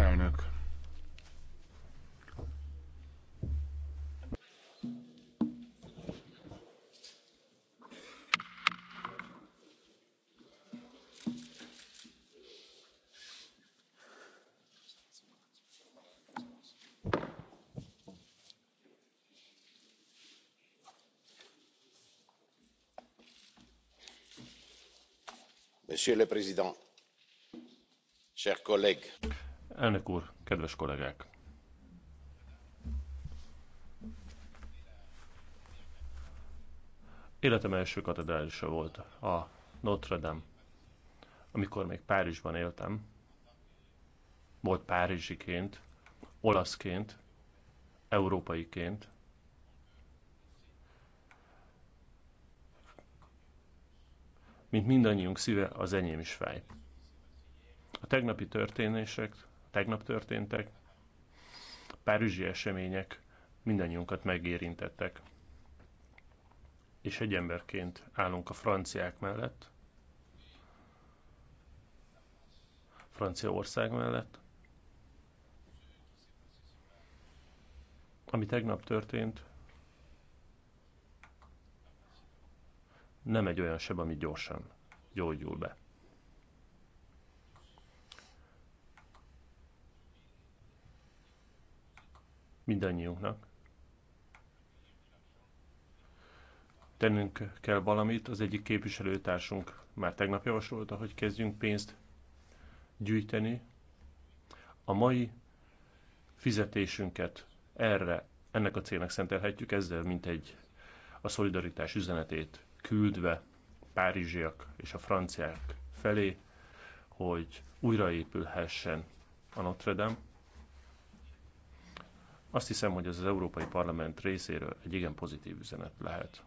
elnök. monsieur le président chers collègues Elnök úr, kedves kollégák! Életem első katedrálisa volt a Notre Dame. Amikor még Párizsban éltem, volt párizsiként, olaszként, európaiként, mint mindannyiunk szíve, az enyém is fáj. A tegnapi történések tegnap történtek, párizsi események mindannyiunkat megérintettek. És egy emberként állunk a franciák mellett, Franciaország mellett. Ami tegnap történt, nem egy olyan seb, ami gyorsan gyógyul be. mindannyiunknak. Tennünk kell valamit, az egyik képviselőtársunk már tegnap javasolta, hogy kezdjünk pénzt gyűjteni. A mai fizetésünket erre, ennek a célnak szentelhetjük, ezzel mint egy a szolidaritás üzenetét küldve párizsiak és a franciák felé, hogy újraépülhessen a Notre Dame, azt hiszem, hogy ez az Európai Parlament részéről egy igen pozitív üzenet lehet.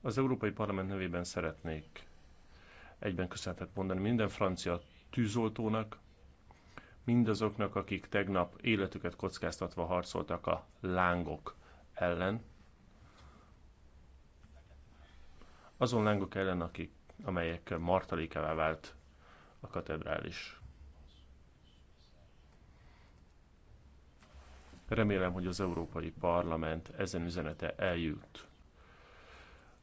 Az Európai Parlament nevében szeretnék egyben köszönetet mondani minden francia tűzoltónak, mindazoknak, akik tegnap életüket kockáztatva harcoltak a lángok ellen, azon lángok ellen, akik, amelyek martalékává vált a katedrális. Remélem, hogy az Európai Parlament ezen üzenete eljut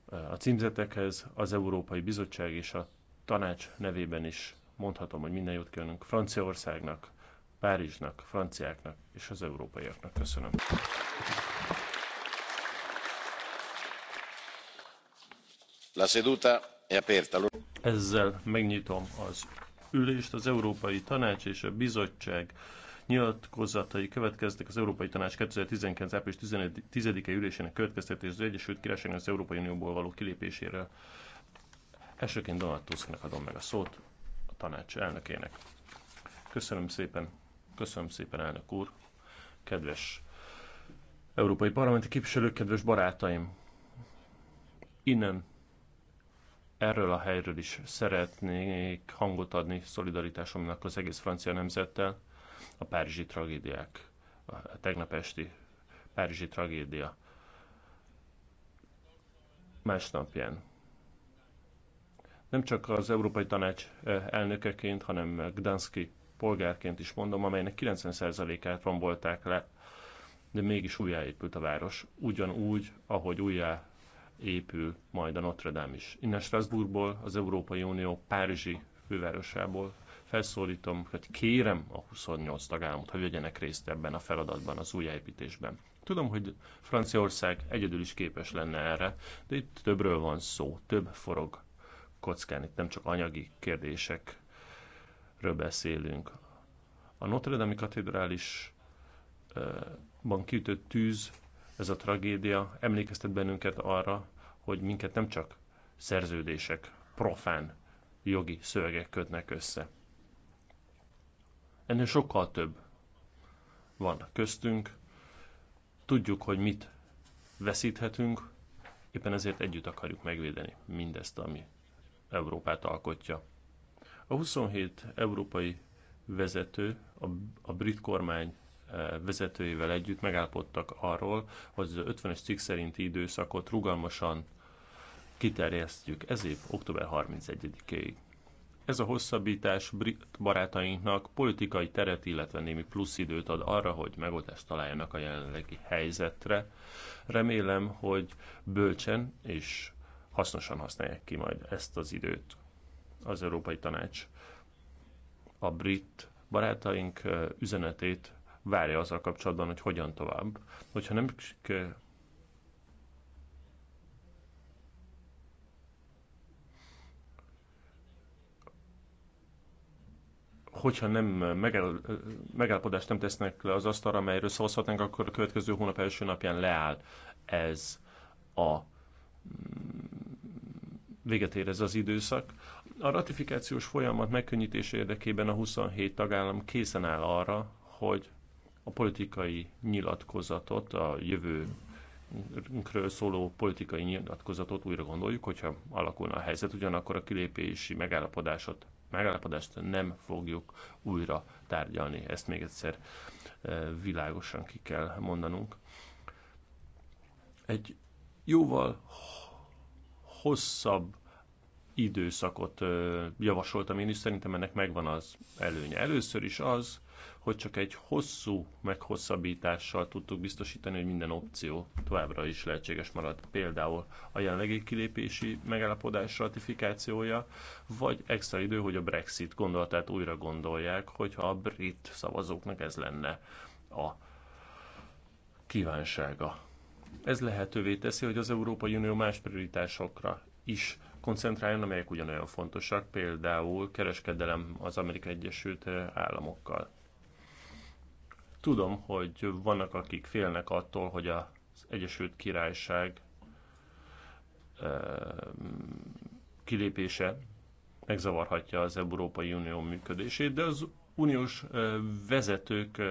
a címzetekhez, az Európai Bizottság és a tanács nevében is mondhatom, hogy minden jót kívánunk Franciaországnak, Párizsnak, franciáknak és az európaiaknak. Köszönöm. La seduta è aperta. Ezzel megnyitom az ülést. Az Európai Tanács és a Bizottság nyilatkozatai következtek az Európai Tanács 2019. április 10-e ülésének következtetés az Egyesült Királyságnak az Európai Unióból való kilépésére. Elsőként Donald Tusknak adom meg a szót, a tanács elnökének. Köszönöm szépen, köszönöm szépen elnök úr, kedves európai parlamenti képviselők, kedves barátaim. Innen erről a helyről is szeretnék hangot adni szolidaritásomnak az egész francia nemzettel, a párizsi tragédiák, a tegnap esti párizsi tragédia másnapján. Nem csak az Európai Tanács eh, elnökeként, hanem Gdanszki polgárként is mondom, amelynek 90%-át rombolták le, de mégis újjáépült a város, ugyanúgy, ahogy újjá épül majd a Notre Dame is. Innen Strasbourgból, az Európai Unió Párizsi fővárosából felszólítom, hogy kérem a 28 tagállamot, hogy vegyenek részt ebben a feladatban, az újjáépítésben. Tudom, hogy Franciaország egyedül is képes lenne erre, de itt többről van szó, több forog kockán, itt nem csak anyagi kérdésekről beszélünk. A Notre Dame katedrálisban kiütött tűz, ez a tragédia emlékeztet bennünket arra, hogy minket nem csak szerződések, profán jogi szövegek kötnek össze. Ennél sokkal több van köztünk. Tudjuk, hogy mit veszíthetünk, éppen ezért együtt akarjuk megvédeni mindezt, ami Európát alkotja. A 27 európai vezető, a, a brit kormány eh, vezetőjével együtt megállapodtak arról, hogy az 50-es cikk szerinti időszakot rugalmasan kiterjesztjük ez év október 31-éig. Ez a hosszabbítás brit barátainknak politikai teret, illetve némi plusz időt ad arra, hogy megoldást találjanak a jelenlegi helyzetre. Remélem, hogy bölcsen és hasznosan használják ki majd ezt az időt az Európai Tanács. A brit barátaink üzenetét várja azzal kapcsolatban, hogy hogyan tovább. Hogyha nem hogyha nem megáll, megállapodást nem tesznek le az asztalra, amelyről szavazhatnánk, akkor a következő hónap első napján leáll ez a mm, véget ér ez az időszak. A ratifikációs folyamat megkönnyítése érdekében a 27 tagállam készen áll arra, hogy a politikai nyilatkozatot, a jövőnkről szóló politikai nyilatkozatot újra gondoljuk, hogyha alakulna a helyzet, ugyanakkor a kilépési megállapodásot megállapodást nem fogjuk újra tárgyalni. Ezt még egyszer eh, világosan ki kell mondanunk. Egy jóval hosszabb időszakot eh, javasoltam én is, szerintem ennek megvan az előnye. Először is az, hogy csak egy hosszú meghosszabbítással tudtuk biztosítani, hogy minden opció továbbra is lehetséges marad. Például a jelenlegi kilépési megállapodás ratifikációja, vagy extra idő, hogy a Brexit gondolatát újra gondolják, hogyha a brit szavazóknak ez lenne a kívánsága. Ez lehetővé teszi, hogy az Európai Unió más prioritásokra is koncentráljon, amelyek ugyanolyan fontosak, például kereskedelem az Amerikai Egyesült Államokkal. Tudom, hogy vannak, akik félnek attól, hogy az Egyesült Királyság kilépése megzavarhatja az Európai Unió működését, de az uniós vezetők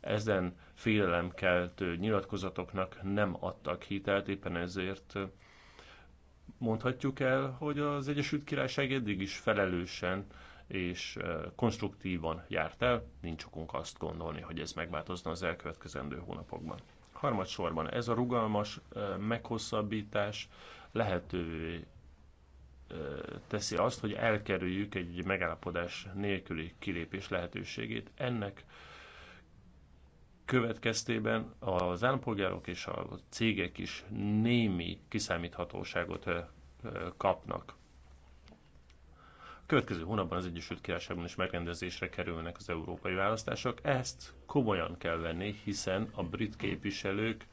ezen félelemkeltő nyilatkozatoknak nem adtak hitelt, éppen ezért mondhatjuk el, hogy az Egyesült Királyság eddig is felelősen és eh, konstruktívan járt el, nincs okunk azt gondolni, hogy ez megváltozna az elkövetkezendő hónapokban. Harmadsorban ez a rugalmas eh, meghosszabbítás lehetővé eh, teszi azt, hogy elkerüljük egy megállapodás nélküli kilépés lehetőségét. Ennek következtében az állampolgárok és a cégek is némi kiszámíthatóságot kapnak következő hónapban az Egyesült Királyságban is megrendezésre kerülnek az európai választások. Ezt komolyan kell venni, hiszen a brit képviselők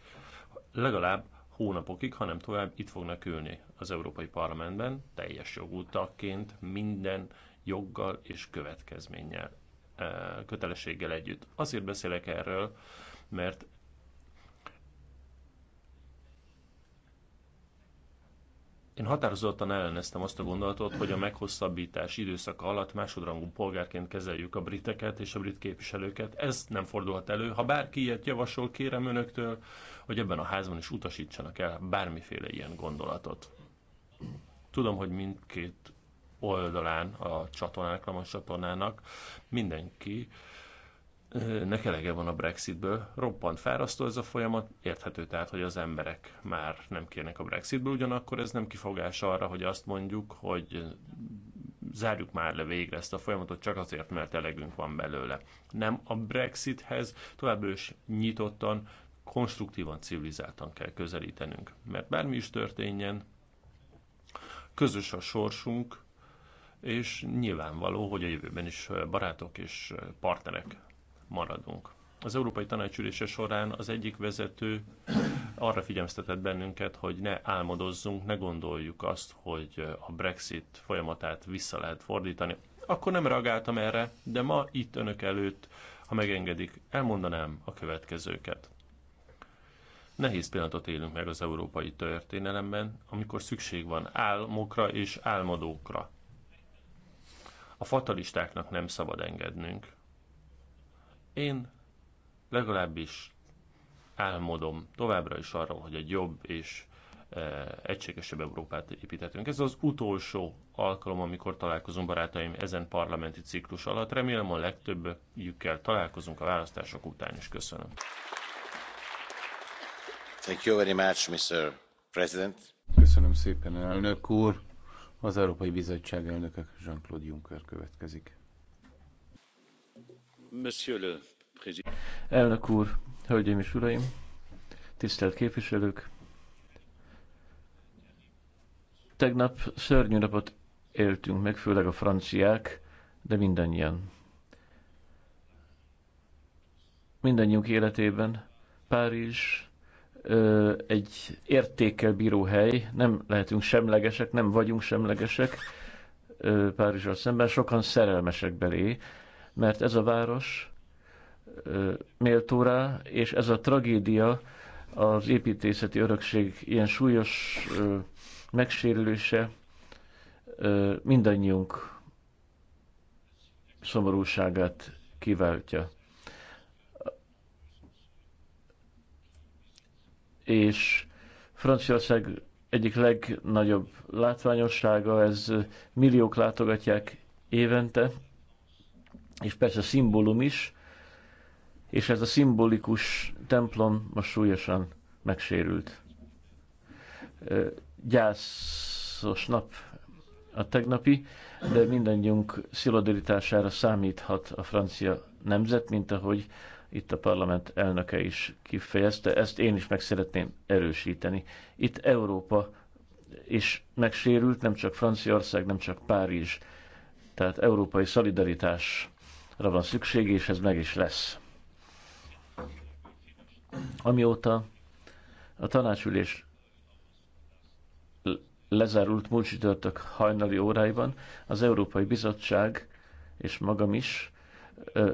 legalább hónapokig, hanem tovább itt fognak ülni az Európai Parlamentben, teljes jogú tagként, minden joggal és következménnyel, eh, kötelességgel együtt. Azért beszélek erről, mert Én határozottan elleneztem azt a gondolatot, hogy a meghosszabbítás időszaka alatt másodrangú polgárként kezeljük a briteket és a brit képviselőket. Ez nem fordulhat elő. Ha bárki ilyet javasol, kérem önöktől, hogy ebben a házban is utasítsanak el bármiféle ilyen gondolatot. Tudom, hogy mindkét oldalán, a csatornának, a csatornának mindenki nek elege van a Brexitből. Roppant fárasztó ez a folyamat, érthető tehát, hogy az emberek már nem kérnek a Brexitből, ugyanakkor ez nem kifogás arra, hogy azt mondjuk, hogy zárjuk már le végre ezt a folyamatot, csak azért, mert elegünk van belőle. Nem a Brexithez továbbra is nyitottan, konstruktívan, civilizáltan kell közelítenünk. Mert bármi is történjen, közös a sorsunk, és nyilvánvaló, hogy a jövőben is barátok és partnerek maradunk. Az Európai Tanácsülése során az egyik vezető arra figyelmeztetett bennünket, hogy ne álmodozzunk, ne gondoljuk azt, hogy a Brexit folyamatát vissza lehet fordítani. Akkor nem reagáltam erre, de ma itt önök előtt, ha megengedik, elmondanám a következőket. Nehéz pillanatot élünk meg az európai történelemben, amikor szükség van álmokra és álmodókra. A fatalistáknak nem szabad engednünk. Én legalábbis álmodom továbbra is arról, hogy egy jobb és e, egységesebb Európát építhetünk. Ez az utolsó alkalom, amikor találkozunk barátaim ezen parlamenti ciklus alatt. Remélem a legtöbbjükkel találkozunk a választások után is. Köszönöm. Thank you very much, Mr. President. Köszönöm szépen, elnök úr. Az Európai Bizottság elnöke Jean-Claude Juncker következik. Elnök úr, hölgyeim és uraim, tisztelt képviselők! Tegnap szörnyű napot éltünk meg, főleg a franciák, de mindannyian. Mindannyiunk életében Párizs ö, egy értékkel bíró hely, nem lehetünk semlegesek, nem vagyunk semlegesek ö, Párizsal szemben, sokan szerelmesek belé, mert ez a város méltó rá, és ez a tragédia, az építészeti örökség ilyen súlyos megsérülése mindannyiunk szomorúságát kiváltja. És Franciaország egyik legnagyobb látványossága, ez milliók látogatják évente, és persze szimbólum is, és ez a szimbolikus templom most súlyosan megsérült. Gyászos nap a tegnapi, de mindannyiunk szilodaritására számíthat a francia nemzet, mint ahogy itt a parlament elnöke is kifejezte. Ezt én is meg szeretném erősíteni. Itt Európa és megsérült, nem csak Franciaország, nem csak Párizs. Tehát európai szolidaritás van szükség, és ez meg is lesz. Amióta a tanácsülés lezárult múlt csütörtök hajnali óráiban, az Európai Bizottság és magam is ö,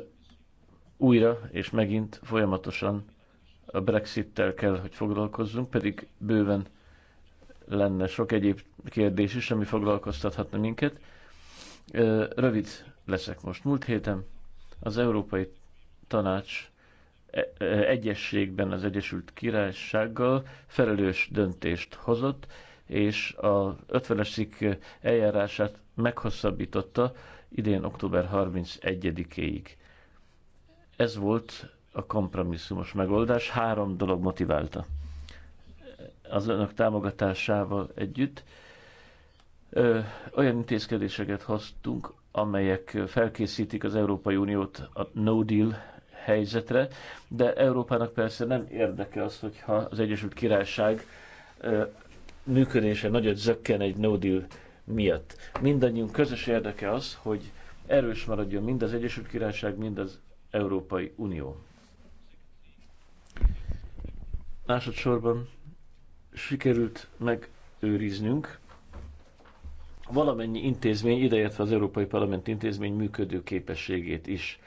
újra és megint folyamatosan a Brexit-tel kell, hogy foglalkozzunk, pedig bőven lenne sok egyéb kérdés is, ami foglalkoztathatna minket. Rövid leszek most. Múlt héten az Európai Tanács e, e, egyességben az Egyesült Királysággal felelős döntést hozott, és a 50-es eljárását meghosszabbította idén október 31-éig. Ez volt a kompromisszumos megoldás, három dolog motiválta. Az önök támogatásával együtt ö, olyan intézkedéseket hoztunk, amelyek felkészítik az Európai Uniót a no deal helyzetre, de Európának persze nem érdeke az, hogyha az Egyesült Királyság működése nagyot zökken egy no deal miatt. Mindannyiunk közös érdeke az, hogy erős maradjon mind az Egyesült Királyság, mind az Európai Unió. Másodszorban sikerült megőriznünk valamennyi intézmény, ideértve az Európai Parlament intézmény működő képességét is.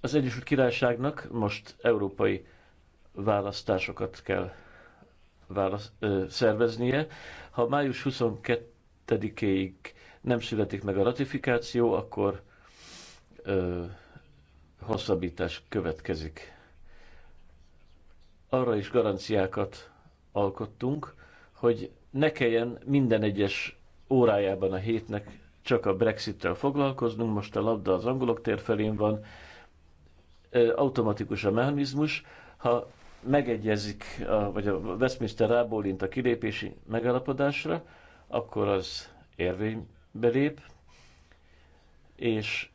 Az Egyesült Királyságnak most európai választásokat kell válasz, ö, szerveznie. Ha május 22-ig nem születik meg a ratifikáció, akkor ö, hosszabbítás következik. Arra is garanciákat alkottunk, hogy ne kelljen minden egyes órájában a hétnek csak a Brexit-tel foglalkoznunk, most a labda az angolok tér felén van, automatikus a mechanizmus, ha megegyezik, a, vagy a Westminster rábólint a kilépési megállapodásra, akkor az érvénybe lép, és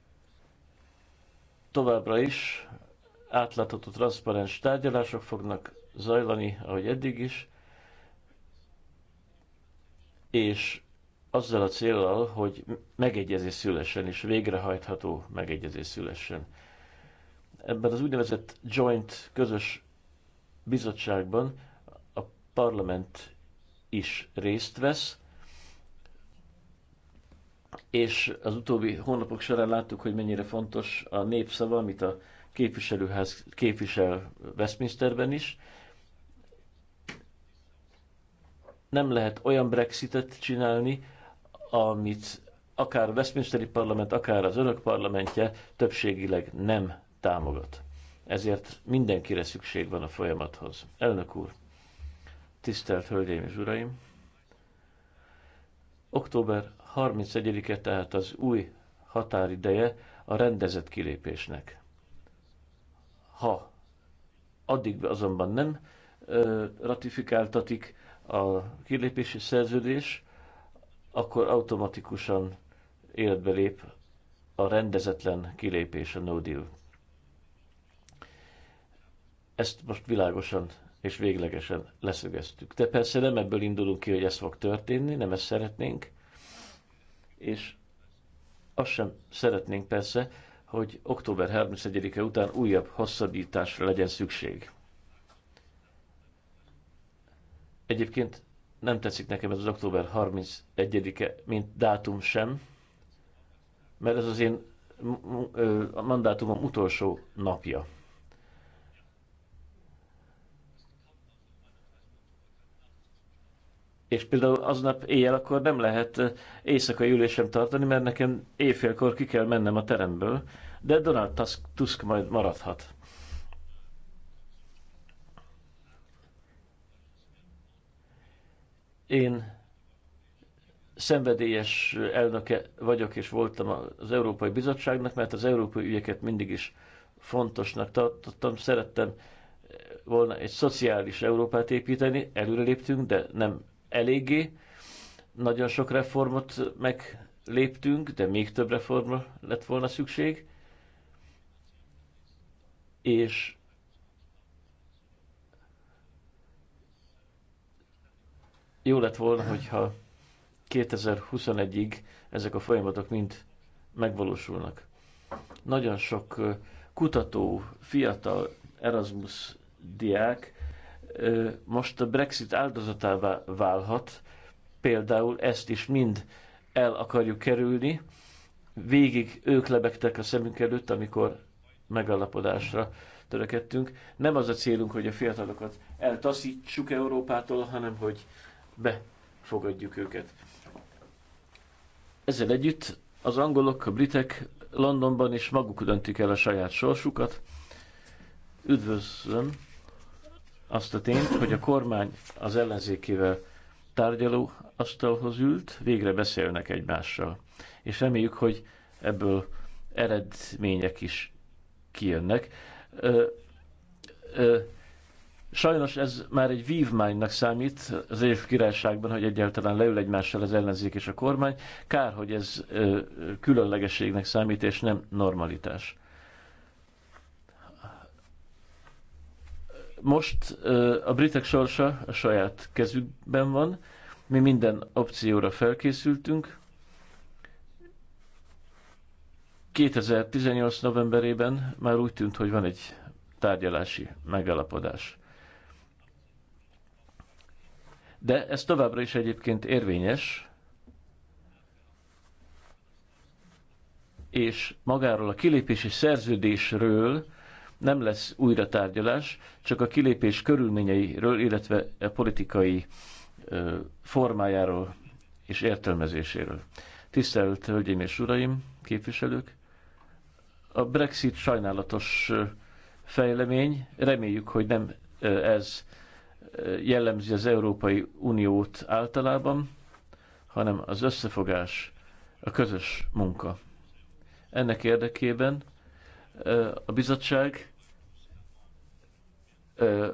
továbbra is átlátható transzparens tárgyalások fognak zajlani, ahogy eddig is, és azzal a célral, hogy megegyezés szülessen, és végrehajtható megegyezés szülessen. Ebben az úgynevezett joint közös bizottságban a parlament is részt vesz, és az utóbbi hónapok során láttuk, hogy mennyire fontos a népszava, amit a képviselőház képvisel Westminsterben is, nem lehet olyan Brexitet csinálni, amit akár a Westminsteri parlament, akár az önök parlamentje többségileg nem támogat. Ezért mindenkire szükség van a folyamathoz. Elnök úr, tisztelt Hölgyeim és Uraim! Október 31-e tehát az új határideje a rendezett kilépésnek. Ha addig azonban nem ratifikáltatik a kilépési szerződés, akkor automatikusan életbe lép a rendezetlen kilépés, a no deal. Ezt most világosan és véglegesen leszögeztük. De persze nem ebből indulunk ki, hogy ez fog történni, nem ezt szeretnénk, és azt sem szeretnénk persze, hogy október 31-e után újabb hosszabbításra legyen szükség. Egyébként nem tetszik nekem ez az október 31-e, mint dátum sem, mert ez az én a mandátumom utolsó napja. És például aznap éjjel akkor nem lehet éjszakai ülésem tartani, mert nekem éjfélkor ki kell mennem a teremből, de Donald Tusk, majd maradhat. Én szenvedélyes elnöke vagyok és voltam az Európai Bizottságnak, mert az európai ügyeket mindig is fontosnak tartottam, szerettem volna egy szociális Európát építeni, előreléptünk, de nem eléggé. Nagyon sok reformot megléptünk, de még több reformra lett volna szükség. És jó lett volna, hogyha 2021-ig ezek a folyamatok mind megvalósulnak. Nagyon sok kutató, fiatal Erasmus diák most a Brexit áldozatává válhat, például ezt is mind el akarjuk kerülni, végig ők lebegtek a szemünk előtt, amikor megállapodásra törekedtünk. Nem az a célunk, hogy a fiatalokat eltaszítsuk Európától, hanem hogy befogadjuk őket. Ezzel együtt az angolok, a britek Londonban is maguk döntik el a saját sorsukat. Üdvözlöm azt a tényt, hogy a kormány az ellenzékével tárgyaló asztalhoz ült, végre beszélnek egymással. És reméljük, hogy ebből eredmények is kijönnek. Ö, ö, Sajnos ez már egy vívmánynak számít az év királyságban, hogy egyáltalán leül egymással az ellenzék és a kormány. Kár, hogy ez különlegességnek számít, és nem normalitás. Most a britek sorsa a saját kezükben van, mi minden opcióra felkészültünk. 2018. novemberében már úgy tűnt, hogy van egy tárgyalási megállapodás de ez továbbra is egyébként érvényes, és magáról a kilépési szerződésről nem lesz újra tárgyalás, csak a kilépés körülményeiről, illetve a politikai formájáról és értelmezéséről. Tisztelt Hölgyeim és Uraim, képviselők! A Brexit sajnálatos fejlemény, reméljük, hogy nem ez jellemzi az Európai Uniót általában, hanem az összefogás, a közös munka. Ennek érdekében a bizottság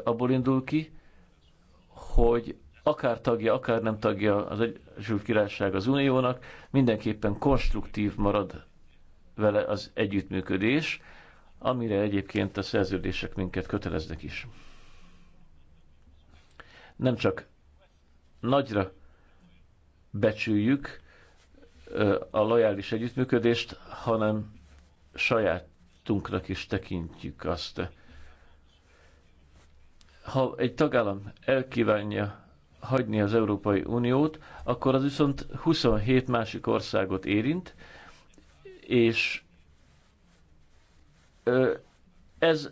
abból indul ki, hogy akár tagja, akár nem tagja az Egyesült Királyság az Uniónak, mindenképpen konstruktív marad vele az együttműködés, amire egyébként a szerződések minket köteleznek is nem csak nagyra becsüljük a lojális együttműködést, hanem sajátunknak is tekintjük azt. Ha egy tagállam elkívánja hagyni az Európai Uniót, akkor az viszont 27 másik országot érint, és ez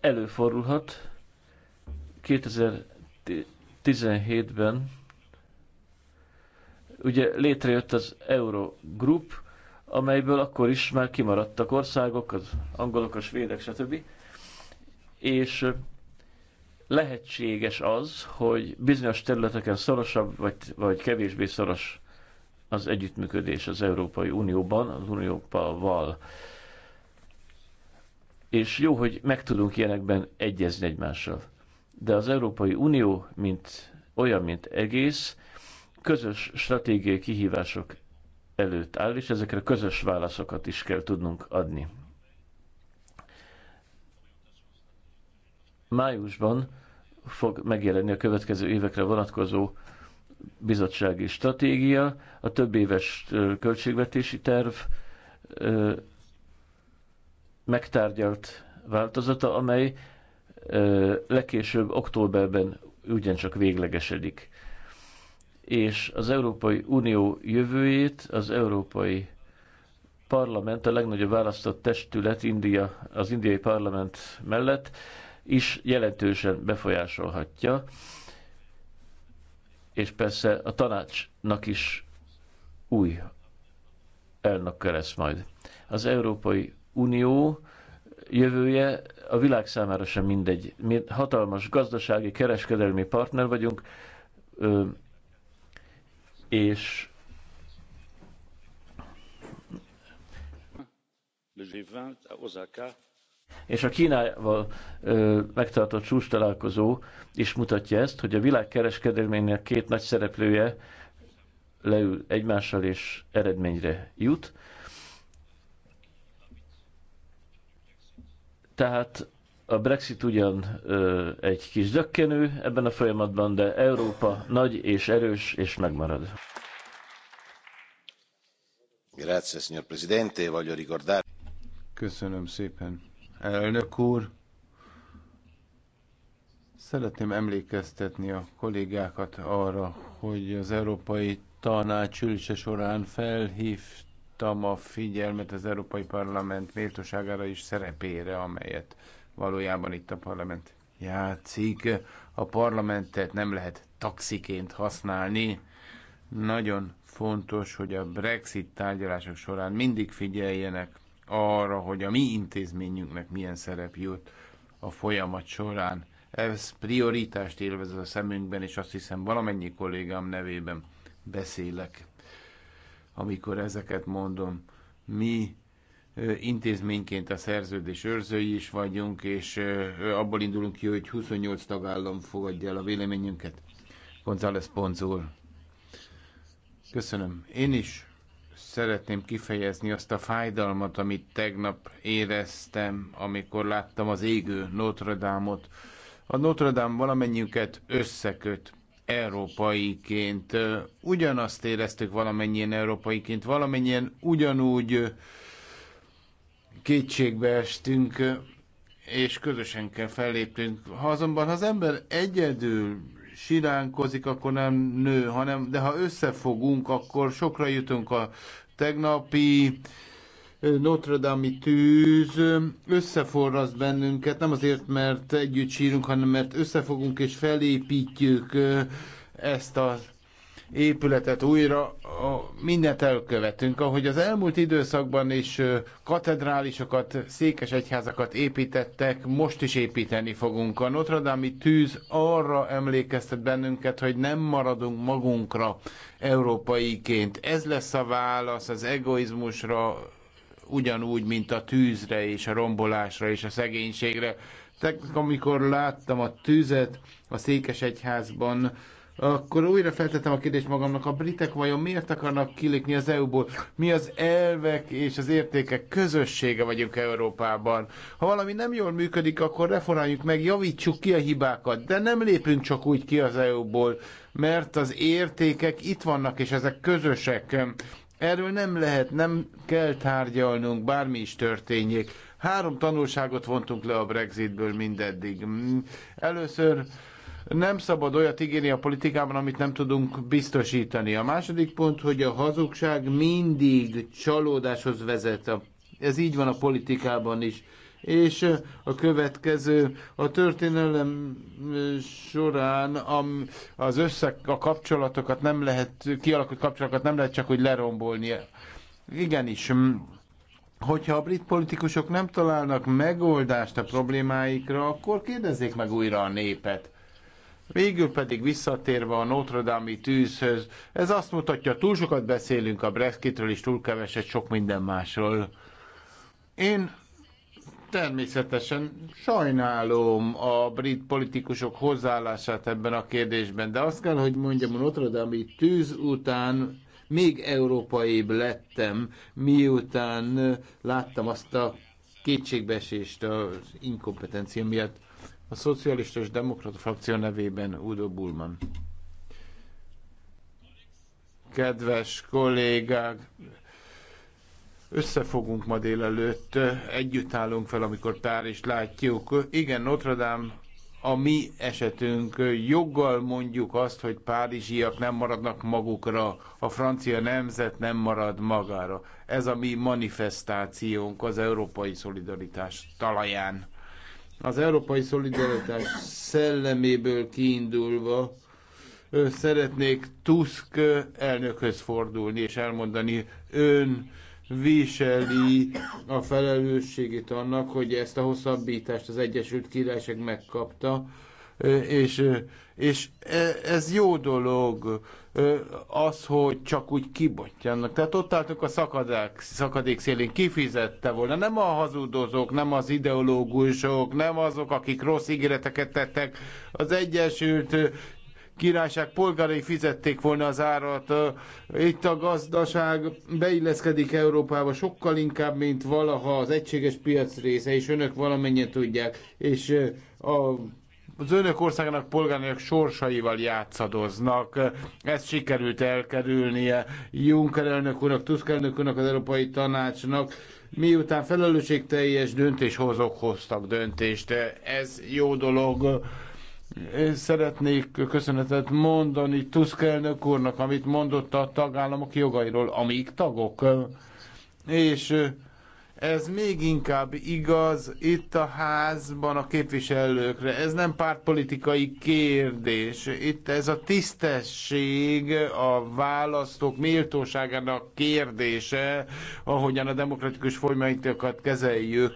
előfordulhat 2000 2017-ben ugye létrejött az Eurogroup, amelyből akkor is már kimaradtak országok, az angolok, a svédek, stb. És lehetséges az, hogy bizonyos területeken szorosabb, vagy, vagy kevésbé szoros az együttműködés az Európai Unióban, az Unióval. És jó, hogy meg tudunk ilyenekben egyezni egymással de az Európai Unió, mint olyan, mint egész, közös stratégiai kihívások előtt áll, és ezekre közös válaszokat is kell tudnunk adni. Májusban fog megjelenni a következő évekre vonatkozó bizottsági stratégia, a több éves költségvetési terv megtárgyalt változata, amely legkésőbb októberben ugyancsak véglegesedik. És az Európai Unió jövőjét az Európai Parlament, a legnagyobb választott testület India, az indiai parlament mellett is jelentősen befolyásolhatja, és persze a tanácsnak is új elnökkel lesz majd. Az Európai Unió jövője a világ számára sem mindegy. Mi hatalmas gazdasági, kereskedelmi partner vagyunk, és és a Kínával ö, megtartott csúcs találkozó is mutatja ezt, hogy a világ kereskedelmének két nagy szereplője leül egymással és eredményre jut. Tehát a Brexit ugyan ö, egy kis dökkenő ebben a folyamatban, de Európa nagy és erős és megmarad. Grazie, signor Presidente, voglio ricordare. Köszönöm szépen. Elnök úr, szeretném emlékeztetni a kollégákat arra, hogy az Európai Tanács ülése során felhívt felhívtam a figyelmet az Európai Parlament méltóságára és szerepére, amelyet valójában itt a parlament játszik. A parlamentet nem lehet taxiként használni. Nagyon fontos, hogy a Brexit tárgyalások során mindig figyeljenek arra, hogy a mi intézményünknek milyen szerep jut a folyamat során. Ez prioritást élvez a szemünkben, és azt hiszem valamennyi kollégám nevében beszélek amikor ezeket mondom. Mi intézményként a szerződés őrzői is vagyunk, és abból indulunk ki, hogy 28 tagállam fogadja el a véleményünket. González Ponz Köszönöm. Én is szeretném kifejezni azt a fájdalmat, amit tegnap éreztem, amikor láttam az égő Notre Dame-ot. A Notre Dame valamennyiünket összeköt európaiként. Ugyanazt éreztük valamennyien európaiként, valamennyien ugyanúgy kétségbe estünk, és közösen kell fellépnünk. Ha azonban ha az ember egyedül siránkozik, akkor nem nő, hanem, de ha összefogunk, akkor sokra jutunk a tegnapi Notre-Dame-i tűz összeforraszt bennünket, nem azért, mert együtt sírunk, hanem mert összefogunk és felépítjük ezt az épületet újra, mindent elkövetünk, ahogy az elmúlt időszakban is katedrálisokat, székes egyházakat építettek, most is építeni fogunk. A Notre-Dame-i tűz arra emlékeztet bennünket, hogy nem maradunk magunkra európaiként. Ez lesz a válasz az egoizmusra, ugyanúgy, mint a tűzre és a rombolásra és a szegénységre. Tehát amikor láttam a tűzet a Székesegyházban, akkor újra feltettem a kérdést magamnak, a britek vajon miért akarnak kilépni az EU-ból? Mi az elvek és az értékek közössége vagyunk Európában. Ha valami nem jól működik, akkor reformáljuk meg, javítsuk ki a hibákat, de nem lépünk csak úgy ki az EU-ból, mert az értékek itt vannak, és ezek közösek. Erről nem lehet, nem kell tárgyalnunk, bármi is történjék. Három tanulságot vontunk le a Brexitből mindeddig. Először nem szabad olyat ígérni a politikában, amit nem tudunk biztosítani. A második pont, hogy a hazugság mindig csalódáshoz vezet. Ez így van a politikában is és a következő a történelem során az összek, a kapcsolatokat nem lehet, kialakult kapcsolatokat nem lehet csak, úgy lerombolni. Igenis, hogyha a brit politikusok nem találnak megoldást a problémáikra, akkor kérdezzék meg újra a népet. Végül pedig visszatérve a Notre Dame-i tűzhöz, ez azt mutatja, túl sokat beszélünk a Brexitről, és túl keveset sok minden másról. Én Természetesen sajnálom a brit politikusok hozzáállását ebben a kérdésben, de azt kell, hogy mondjam, hogy Notre Dame tűz után még európaibb lettem, miután láttam azt a kétségbeesést az inkompetencia miatt. A Szocialista és Demokrata frakció nevében Udo Bulman. Kedves kollégák, összefogunk ma délelőtt, együtt állunk fel, amikor Párizs látjuk. Igen, Notre Dame a mi esetünk joggal mondjuk azt, hogy párizsiak nem maradnak magukra, a francia nemzet nem marad magára. Ez a mi manifestációnk az európai szolidaritás talaján. Az európai szolidaritás szelleméből kiindulva szeretnék Tusk elnökhöz fordulni és elmondani, ön viseli a felelősségét annak, hogy ezt a hosszabbítást az Egyesült Királyság megkapta, és, és e, ez jó dolog, az, hogy csak úgy kibontjanak. Tehát ott álltunk a szakadék szakadék szélén, kifizette volna. Nem a hazudozók, nem az ideológusok, nem azok, akik rossz ígéreteket tettek. Az Egyesült Királyság polgárai fizették volna az árat. Itt a gazdaság beilleszkedik Európába sokkal inkább, mint valaha az egységes piac része, és önök valamennyien tudják. És a az önök országának polgárnak sorsaival játszadoznak. Ezt sikerült elkerülnie Juncker elnök úrnak, Tusk elnök úrnak, az Európai Tanácsnak, miután felelősségteljes döntéshozók hoztak döntést. Ez jó dolog. Szeretnék köszönetet mondani Tusk elnök úrnak, amit mondott a tagállamok jogairól, amíg tagok. És ez még inkább igaz itt a házban a képviselőkre. Ez nem pártpolitikai kérdés. Itt ez a tisztesség, a választók méltóságának kérdése, ahogyan a demokratikus folyamatokat kezeljük.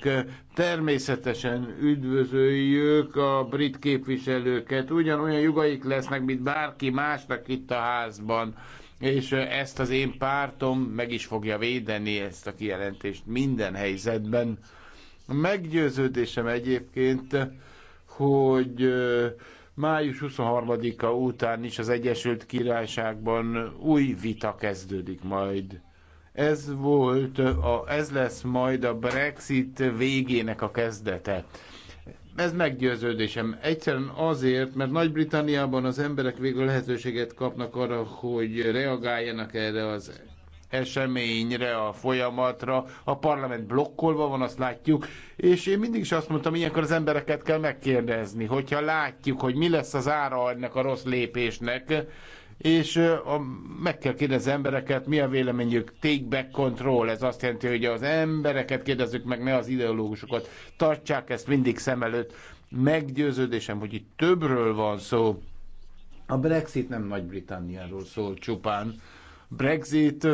Természetesen üdvözöljük a brit képviselőket. Ugyanolyan jogaik lesznek, mint bárki másnak itt a házban és ezt az én pártom meg is fogja védeni ezt a kijelentést minden helyzetben. A meggyőződésem egyébként, hogy május 23-a után is az Egyesült Királyságban új vita kezdődik majd. Ez volt, a, ez lesz majd a Brexit végének a kezdete. Ez meggyőződésem. Egyszerűen azért, mert Nagy-Britanniában az emberek végül lehetőséget kapnak arra, hogy reagáljanak erre az eseményre, a folyamatra. A parlament blokkolva van, azt látjuk. És én mindig is azt mondtam, ilyenkor az embereket kell megkérdezni, hogyha látjuk, hogy mi lesz az ára ennek a rossz lépésnek, és a, meg kell kérdezni az embereket, mi a véleményük, take back control, ez azt jelenti, hogy az embereket kérdezzük meg, ne az ideológusokat, tartsák ezt mindig szem előtt. Meggyőződésem, hogy itt többről van szó. A Brexit nem Nagy-Britanniáról szól csupán. Brexit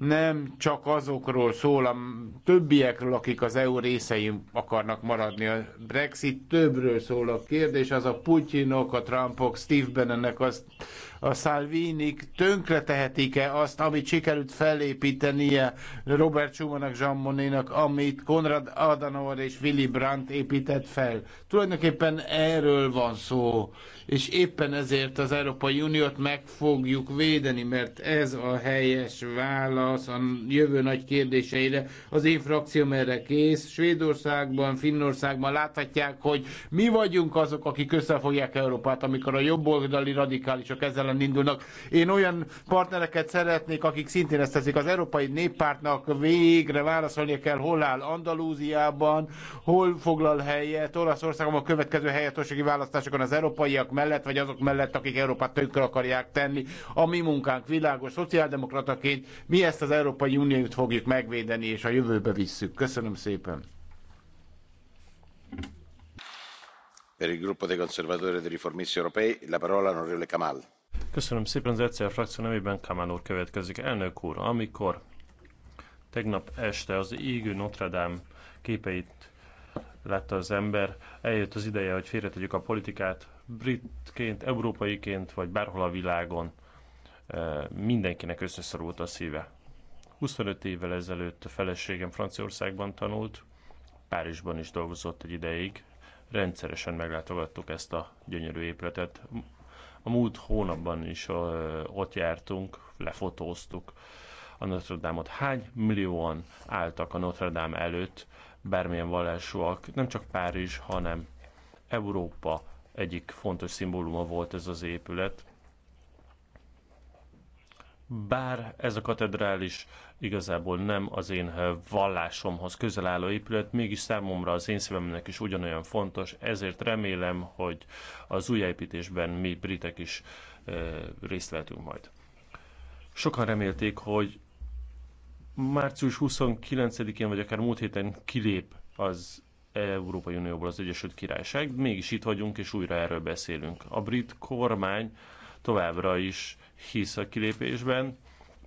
nem csak azokról szól, a többiekről, akik az EU részei akarnak maradni. A Brexit többről szól a kérdés, az a Putyinok, a Trumpok, Steve Bannonnek, az, a Salvinik tönkre tehetik-e azt, amit sikerült felépítenie Robert Schumannak, Jean Monnet-nak, amit Konrad Adenauer és Willy Brandt épített fel. Tulajdonképpen erről van szó, és éppen ezért az Európai Uniót meg fogjuk védeni, mert ez a helyes vála válasz a jövő nagy kérdéseire. Az én frakcióm erre kész. Svédországban, Finnországban láthatják, hogy mi vagyunk azok, akik összefogják Európát, amikor a jobboldali radikálisok ezzel indulnak. Én olyan partnereket szeretnék, akik szintén ezt teszik. Az Európai Néppártnak végre válaszolnia kell, hol áll Andalúziában, hol foglal helyet, Olaszországban a következő helyettorsági választásokon az európaiak mellett, vagy azok mellett, akik Európát tönkre akarják tenni. A mi munkánk világos, szociáldemokrataként mi ezt ezt az Európai Uniót fogjuk megvédeni, és a jövőbe visszük. Köszönöm szépen! Per il gruppo dei conservatori e dei riformisti europei, la parola onorevole Kamal. Köszönöm szépen az ECR frakció nevében Kamal úr következik. Elnök úr, amikor tegnap este az égő Notre Dame képeit látta az ember, eljött az ideje, hogy félretegyük a politikát, britként, európaiként, vagy bárhol a világon eh, mindenkinek összeszorult a szíve. 25 évvel ezelőtt a feleségem Franciaországban tanult, Párizsban is dolgozott egy ideig, rendszeresen meglátogattuk ezt a gyönyörű épületet. A múlt hónapban is ott jártunk, lefotóztuk a Notre Dame-ot. Hány millióan álltak a Notre Dame előtt, bármilyen vallásúak, nem csak Párizs, hanem Európa egyik fontos szimbóluma volt ez az épület bár ez a katedrális igazából nem az én vallásomhoz közel álló épület, mégis számomra az én szívemnek is ugyanolyan fontos, ezért remélem, hogy az újjáépítésben mi britek is részt vehetünk majd. Sokan remélték, hogy március 29-én, vagy akár múlt héten kilép az Európai Unióból az Egyesült Királyság, mégis itt vagyunk, és újra erről beszélünk. A brit kormány továbbra is hisz a kilépésben,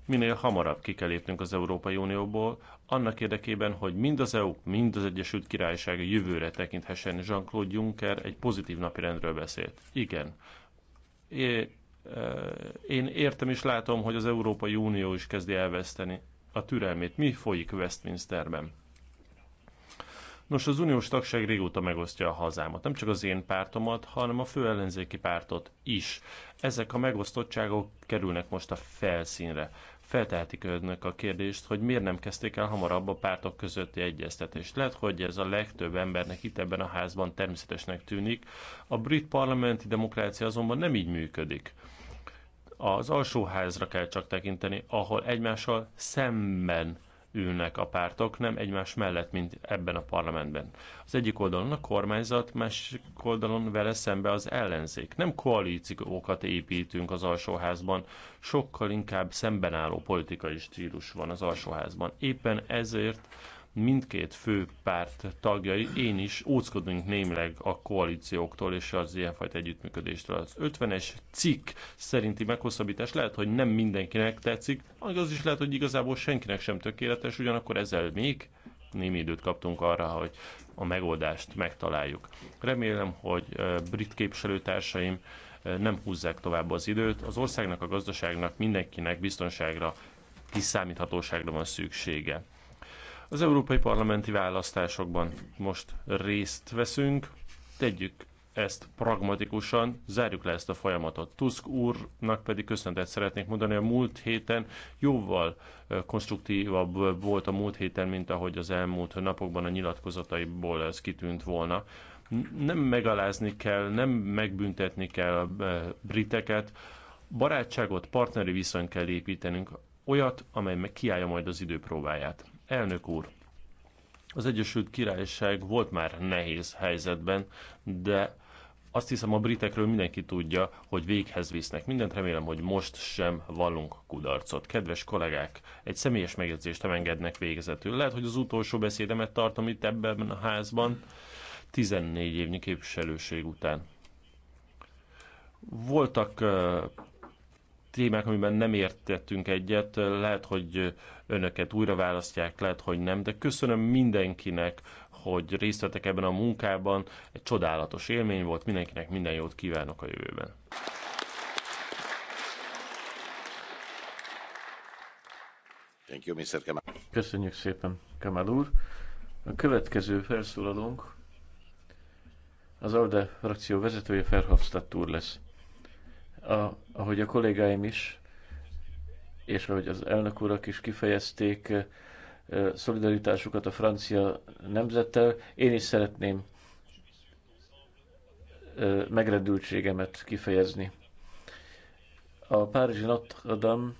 minél hamarabb ki kell lépnünk az Európai Unióból, annak érdekében, hogy mind az EU, mind az Egyesült Királyság a jövőre tekinthessen. Jean-Claude Juncker egy pozitív napirendről beszélt. Igen. É, én értem és látom, hogy az Európai Unió is kezdi elveszteni a türelmét. Mi folyik Westminsterben? Nos, az uniós tagság régóta megosztja a hazámat, nem csak az én pártomat, hanem a fő ellenzéki pártot is. Ezek a megosztottságok kerülnek most a felszínre. Feltehetik önök a kérdést, hogy miért nem kezdték el hamarabb a pártok közötti egyeztetést. Lehet, hogy ez a legtöbb embernek itt ebben a házban természetesnek tűnik. A brit parlamenti demokrácia azonban nem így működik az alsóházra kell csak tekinteni, ahol egymással szemben ülnek a pártok, nem egymás mellett, mint ebben a parlamentben. Az egyik oldalon a kormányzat, másik oldalon vele szembe az ellenzék. Nem koalíciókat építünk az alsóházban, sokkal inkább szembenálló politikai stílus van az alsóházban. Éppen ezért mindkét fő párt tagjai, én is óckodunk némileg a koalícióktól és az ilyenfajta együttműködéstől. Az 50-es cikk szerinti meghosszabbítás lehet, hogy nem mindenkinek tetszik, az is lehet, hogy igazából senkinek sem tökéletes, ugyanakkor ezzel még némi időt kaptunk arra, hogy a megoldást megtaláljuk. Remélem, hogy brit képviselőtársaim nem húzzák tovább az időt. Az országnak, a gazdaságnak, mindenkinek biztonságra, kiszámíthatóságra van szüksége. Az európai parlamenti választásokban most részt veszünk, tegyük ezt pragmatikusan, zárjuk le ezt a folyamatot. Tusk úrnak pedig köszönetet szeretnék mondani, a múlt héten jóval konstruktívabb volt a múlt héten, mint ahogy az elmúlt napokban a nyilatkozataiból ez kitűnt volna. Nem megalázni kell, nem megbüntetni kell a briteket, barátságot, partneri viszonyt kell építenünk, olyat, amely meg kiállja majd az idő próbáját. Elnök úr, az Egyesült Királyság volt már nehéz helyzetben, de azt hiszem a britekről mindenki tudja, hogy véghez visznek mindent, remélem, hogy most sem vallunk kudarcot. Kedves kollégák, egy személyes megjegyzést nem engednek végezetül. Lehet, hogy az utolsó beszédemet tartom itt ebben a házban, 14 évnyi képviselőség után. Voltak uh, témák, amiben nem értettünk egyet, lehet, hogy uh, önöket újra választják, lehet, hogy nem, de köszönöm mindenkinek, hogy részt vettek ebben a munkában. Egy csodálatos élmény volt, mindenkinek minden jót kívánok a jövőben. Thank you, Mr. Kemal. Köszönjük szépen, Kamal úr. A következő felszólalónk az ALDE frakció vezetője Ferhofstadt úr lesz. A, ahogy a kollégáim is és ahogy az elnök urak is kifejezték, szolidaritásukat a francia nemzettel. Én is szeretném megrendültségemet kifejezni. A Párizsi Notre-Dame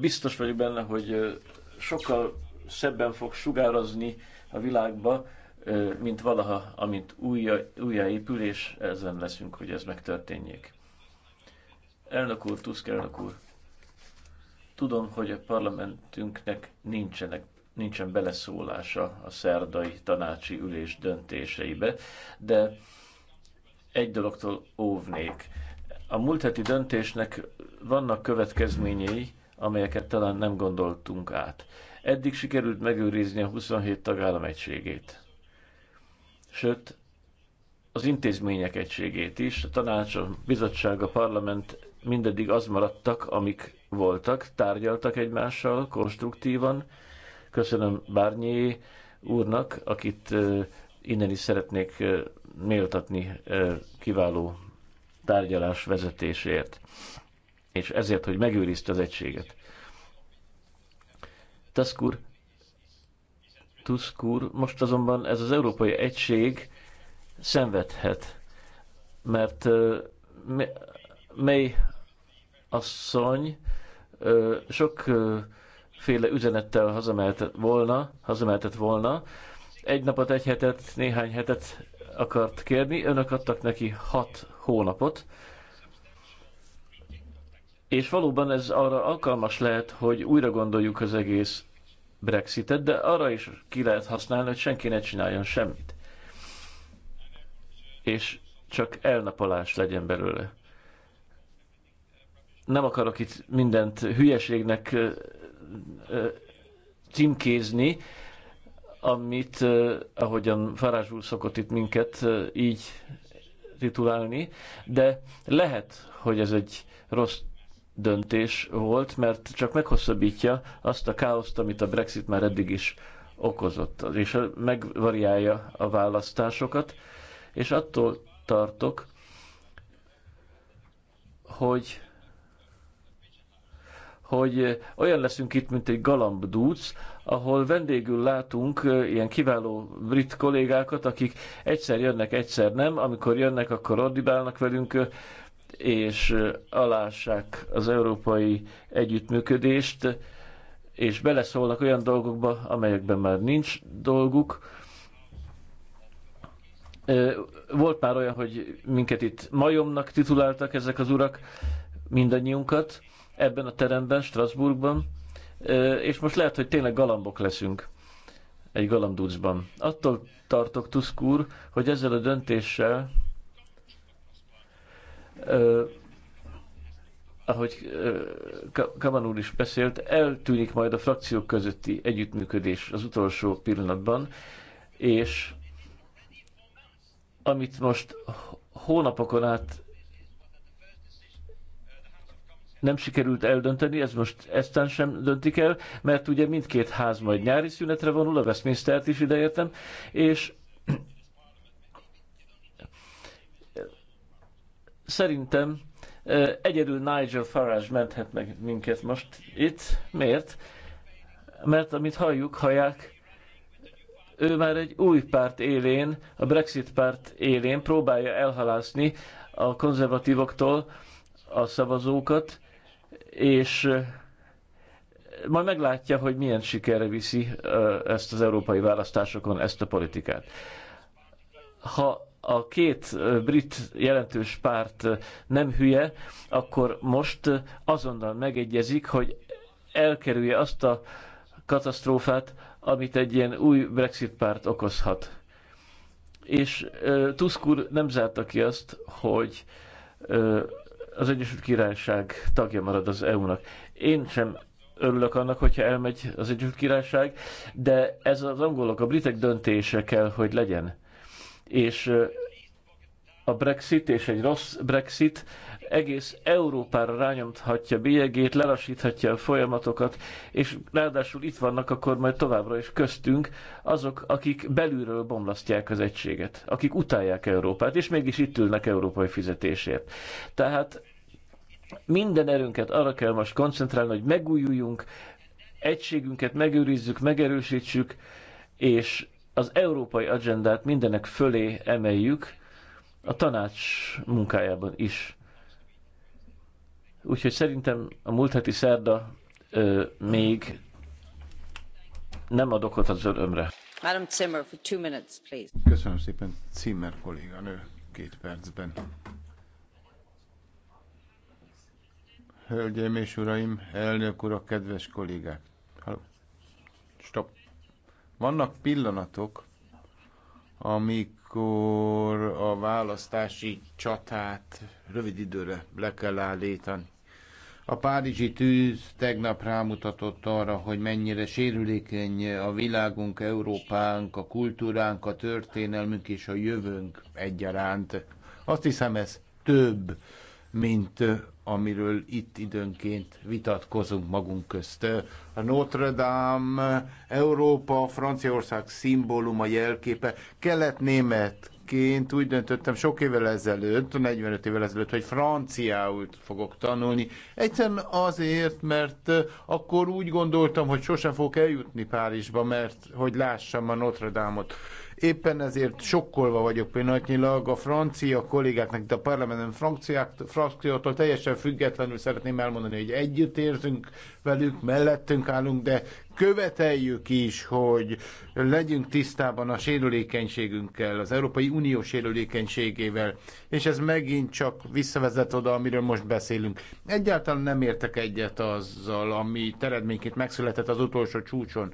biztos vagyok benne, hogy sokkal szebben fog sugározni a világba, mint valaha, amint újjáépül, és ezen leszünk, hogy ez megtörténjék. Elnök úr, Tusk elnök úr, tudom, hogy a parlamentünknek nincsenek, nincsen beleszólása a szerdai tanácsi ülés döntéseibe, de egy dologtól óvnék. A múlt heti döntésnek vannak következményei, amelyeket talán nem gondoltunk át. Eddig sikerült megőrizni a 27 tagállam egységét. Sőt, az intézmények egységét is, a tanács, a bizottság, a parlament mindeddig az maradtak, amik voltak, tárgyaltak egymással konstruktívan. Köszönöm Bárnyé úrnak, akit innen is szeretnék méltatni kiváló tárgyalás vezetésért, és ezért, hogy megőrizte az egységet. Tusk Tuskur, most azonban ez az európai egység szenvedhet, mert mely asszony sokféle üzenettel hazameltett volna, hazameltett volna. Egy napot, egy hetet, néhány hetet akart kérni, önök adtak neki hat hónapot, és valóban ez arra alkalmas lehet, hogy újra gondoljuk az egész Brexitet, de arra is ki lehet használni, hogy senki ne csináljon semmit. És csak elnapolás legyen belőle nem akarok itt mindent hülyeségnek címkézni, amit, ahogyan Farázs úr szokott itt minket így titulálni, de lehet, hogy ez egy rossz döntés volt, mert csak meghosszabbítja azt a káoszt, amit a Brexit már eddig is okozott, és megvariálja a választásokat, és attól tartok, hogy hogy eh, olyan leszünk itt, mint egy galambdúc, ahol vendégül látunk eh, ilyen kiváló brit kollégákat, akik egyszer jönnek, egyszer nem, amikor jönnek, akkor ordibálnak velünk, eh, és alássák az európai együttműködést, és beleszólnak olyan dolgokba, amelyekben már nincs dolguk. Volt már olyan, hogy minket itt majomnak tituláltak ezek az urak, mindannyiunkat, ebben a teremben, Strasbourgban, és most lehet, hogy tényleg galambok leszünk egy galamducban. Attól tartok, Tusk úr, hogy ezzel a döntéssel, eh, ahogy eh, Kaman úr is beszélt, eltűnik majd a frakciók közötti együttműködés az utolsó pillanatban, és amit most hónapokon át nem sikerült eldönteni, ez most eztán sem döntik el, mert ugye mindkét ház majd nyári szünetre vonul, a Westminster-t is ideértem, és szerintem egyedül Nigel Farage menthet meg minket most itt. Miért? Mert amit halljuk, haják, ő már egy új párt élén, a Brexit párt élén próbálja elhalászni a konzervatívoktól a szavazókat, és majd meglátja, hogy milyen sikerre viszi ezt az európai választásokon ezt a politikát. Ha a két brit jelentős párt nem hülye, akkor most azonnal megegyezik, hogy elkerülje azt a katasztrófát, amit egy ilyen új Brexit párt okozhat. És Tusk úr nem zárta ki azt, hogy az Egyesült Királyság tagja marad az EU-nak. Én sem örülök annak, hogyha elmegy az Egyesült Királyság, de ez az angolok, a britek döntése kell, hogy legyen. És a Brexit és egy rossz Brexit egész Európára rányomhatja bélyegét, lelassíthatja a folyamatokat, és ráadásul itt vannak akkor majd továbbra is köztünk azok, akik belülről bomlasztják az egységet, akik utálják Európát, és mégis itt ülnek európai fizetésért. Tehát minden erőnket arra kell most koncentrálni, hogy megújuljunk, egységünket megőrizzük, megerősítsük, és az európai agendát mindenek fölé emeljük, a tanács munkájában is. Úgyhogy szerintem a múlt heti szerda ö, még nem ad okot az örömre. Madam Zimmer, for two minutes, please. Köszönöm szépen, Zimmer kolléganő, két percben. Hölgyeim és uraim, elnök urak, kedves kollégák! Halló. Stop! Vannak pillanatok, amikor a választási csatát rövid időre le kell állítani. A párizsi tűz tegnap rámutatott arra, hogy mennyire sérülékeny a világunk, Európánk, a kultúránk, a történelmünk és a jövőnk egyaránt. Azt hiszem ez több, mint amiről itt időnként vitatkozunk magunk közt. A Notre Dame, Európa, Franciaország szimbóluma, jelképe, kelet németként úgy döntöttem sok évvel ezelőtt, 45 évvel ezelőtt, hogy franciául fogok tanulni. Egyszerűen azért, mert akkor úgy gondoltam, hogy sosem fogok eljutni Párizsba, mert hogy lássam a Notre Dame-ot. Éppen ezért sokkolva vagyok pillanatnyilag a francia kollégáknak, itt a parlamenten frakciótól teljesen függetlenül szeretném elmondani, hogy együtt érzünk velük, mellettünk állunk, de követeljük is, hogy legyünk tisztában a sérülékenységünkkel, az Európai Unió sérülékenységével, és ez megint csak visszavezet oda, amiről most beszélünk. Egyáltalán nem értek egyet azzal, ami eredményként megszületett az utolsó csúcson.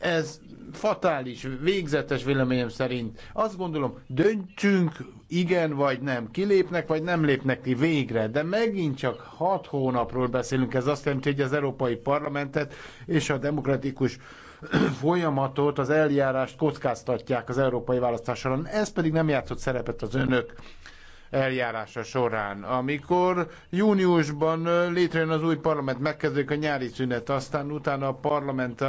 Ez fatális, végzetes véleményem szerint. Azt gondolom, döntsünk, igen vagy nem, kilépnek vagy nem lépnek ki végre, de megint csak hat hónapról beszélünk, ez azt jelenti, hogy az Európai Parlamentet és a demokratikus folyamatot, az eljárást kockáztatják az európai választás során. Ez pedig nem játszott szerepet az önök eljárása során. Amikor júniusban létrejön az új parlament, megkezdődik a nyári szünet, aztán utána a parlament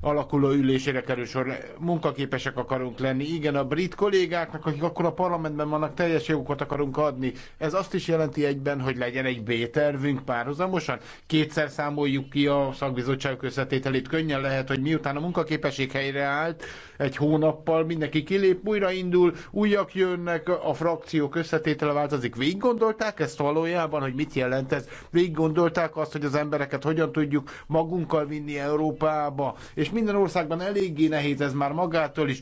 alakuló ülésére kerül sor. Munkaképesek akarunk lenni. Igen, a brit kollégáknak, akik akkor a parlamentben vannak, teljes jogokat akarunk adni. Ez azt is jelenti egyben, hogy legyen egy B-tervünk párhuzamosan. Kétszer számoljuk ki a szakbizottság összetételét. Könnyen lehet, hogy miután a munkaképesség helyre állt, egy hónappal mindenki kilép, újraindul, újak jönnek, a frakciók összetétele változik. Végig gondolták ezt valójában, hogy mit jelent ez? Végig gondolták azt, hogy az embereket hogyan tudjuk magunkkal vinni Európába, és és minden országban eléggé nehéz ez már magától is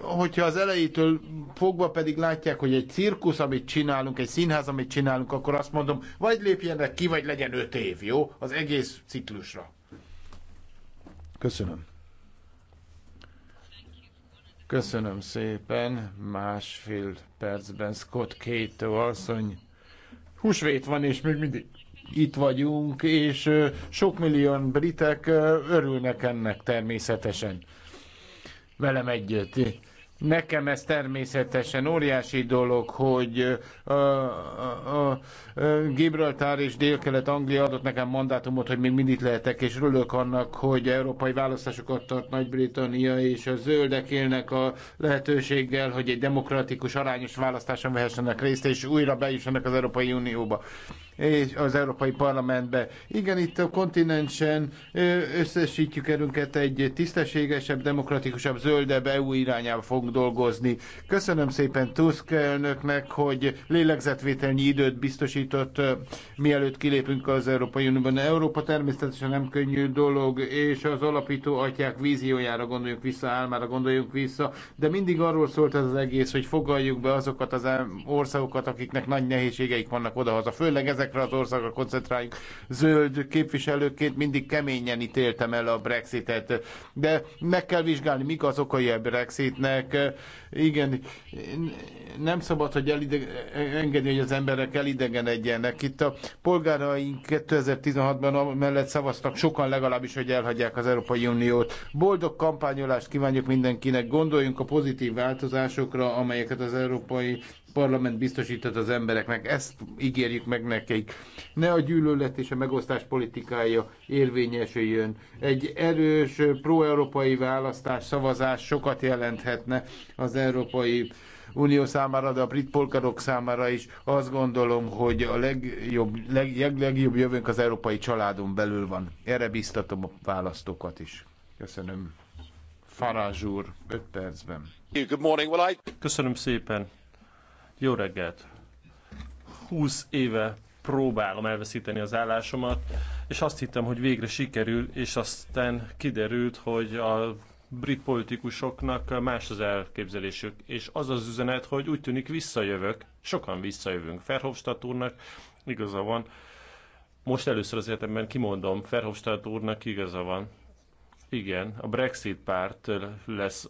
hogyha az elejétől fogva pedig látják, hogy egy cirkusz, amit csinálunk, egy színház, amit csinálunk, akkor azt mondom, vagy lépjenek ki, vagy legyen öt év, jó? Az egész ciklusra. Köszönöm. Köszönöm szépen. Másfél percben Scott Cato asszony. Húsvét van, és még mindig itt vagyunk, és sok millióan britek örülnek ennek természetesen velem együtt. Nekem ez természetesen óriási dolog, hogy a, a, a, Gibraltar és Dél-Kelet-Anglia adott nekem mandátumot, hogy még mindig lehetek, és örülök annak, hogy európai választásokat tart Nagy-Britannia, és a zöldek élnek a lehetőséggel, hogy egy demokratikus, arányos választáson vehessenek részt, és újra bejussanak az Európai Unióba és az Európai Parlamentbe. Igen, itt a kontinensen összesítjük erőnket egy tisztességesebb, demokratikusabb, zöldebb EU irányába fogunk dolgozni. Köszönöm szépen Tusk elnöknek, hogy lélegzetvételnyi időt biztosított, eh, mielőtt kilépünk az Európai Unióban. Európa természetesen nem könnyű dolog, és az alapító atyák víziójára gondoljunk vissza, álmára gondoljunk vissza, de mindig arról szólt ez az egész, hogy fogaljuk be azokat az országokat, akiknek nagy nehézségeik vannak odahaza. Főleg ezekre az országokra koncentráljuk. Zöld képviselőként mindig keményen ítéltem el a Brexitet, de meg kell vizsgálni, mik az okai a Brexitnek, igen, nem szabad, hogy elideg, engedni, hogy az emberek elidegenedjenek. Itt a polgáraink 2016-ban mellett szavaztak sokan legalábbis, hogy elhagyják az Európai Uniót. Boldog kampányolást kívánjuk mindenkinek, gondoljunk a pozitív változásokra, amelyeket az Európai parlament biztosított az embereknek, ezt ígérjük meg nekik. Ne a gyűlölet és a megosztás politikája érvényesüljön. Egy erős pro-európai választás, szavazás sokat jelenthetne az európai Unió számára, de a brit polgárok számára is azt gondolom, hogy a legjobb, leg, legjobb jövőnk az európai családon belül van. Erre biztatom a választókat is. Köszönöm. Farázs úr, 5 percben. Köszönöm szépen. Jó reggelt! 20 éve próbálom elveszíteni az állásomat, és azt hittem, hogy végre sikerül, és aztán kiderült, hogy a brit politikusoknak más az elképzelésük, és az az üzenet, hogy úgy tűnik visszajövök, sokan visszajövünk. Ferhofstadt úrnak igaza van, most először az életemben kimondom, Ferhofstadt úrnak igaza van. Igen, a Brexit párt lesz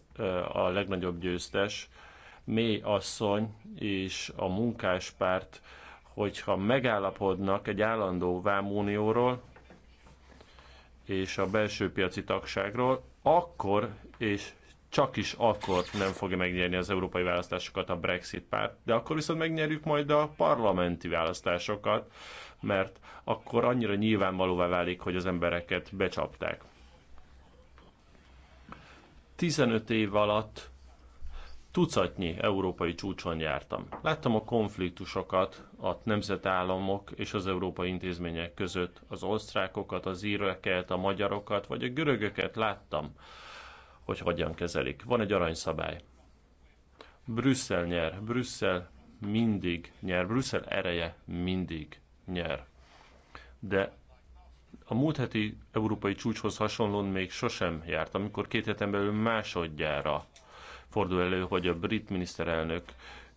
a legnagyobb győztes, Mély asszony és a munkáspárt, hogyha megállapodnak egy állandó vámunióról és a belső piaci tagságról, akkor és csak is akkor nem fogja megnyerni az európai választásokat a Brexit párt, de akkor viszont megnyerjük majd a parlamenti választásokat, mert akkor annyira nyilvánvalóvá válik, hogy az embereket becsapták. 15 év alatt tucatnyi európai csúcson jártam. Láttam a konfliktusokat a nemzetállamok és az európai intézmények között, az osztrákokat, az íröket, a magyarokat, vagy a görögöket láttam, hogy hogyan kezelik. Van egy aranyszabály. Brüsszel nyer, Brüsszel mindig nyer, Brüsszel ereje mindig nyer. De a múlt heti európai csúcshoz hasonlóan még sosem jártam, amikor két heten belül másodjára fordul elő, hogy a brit miniszterelnök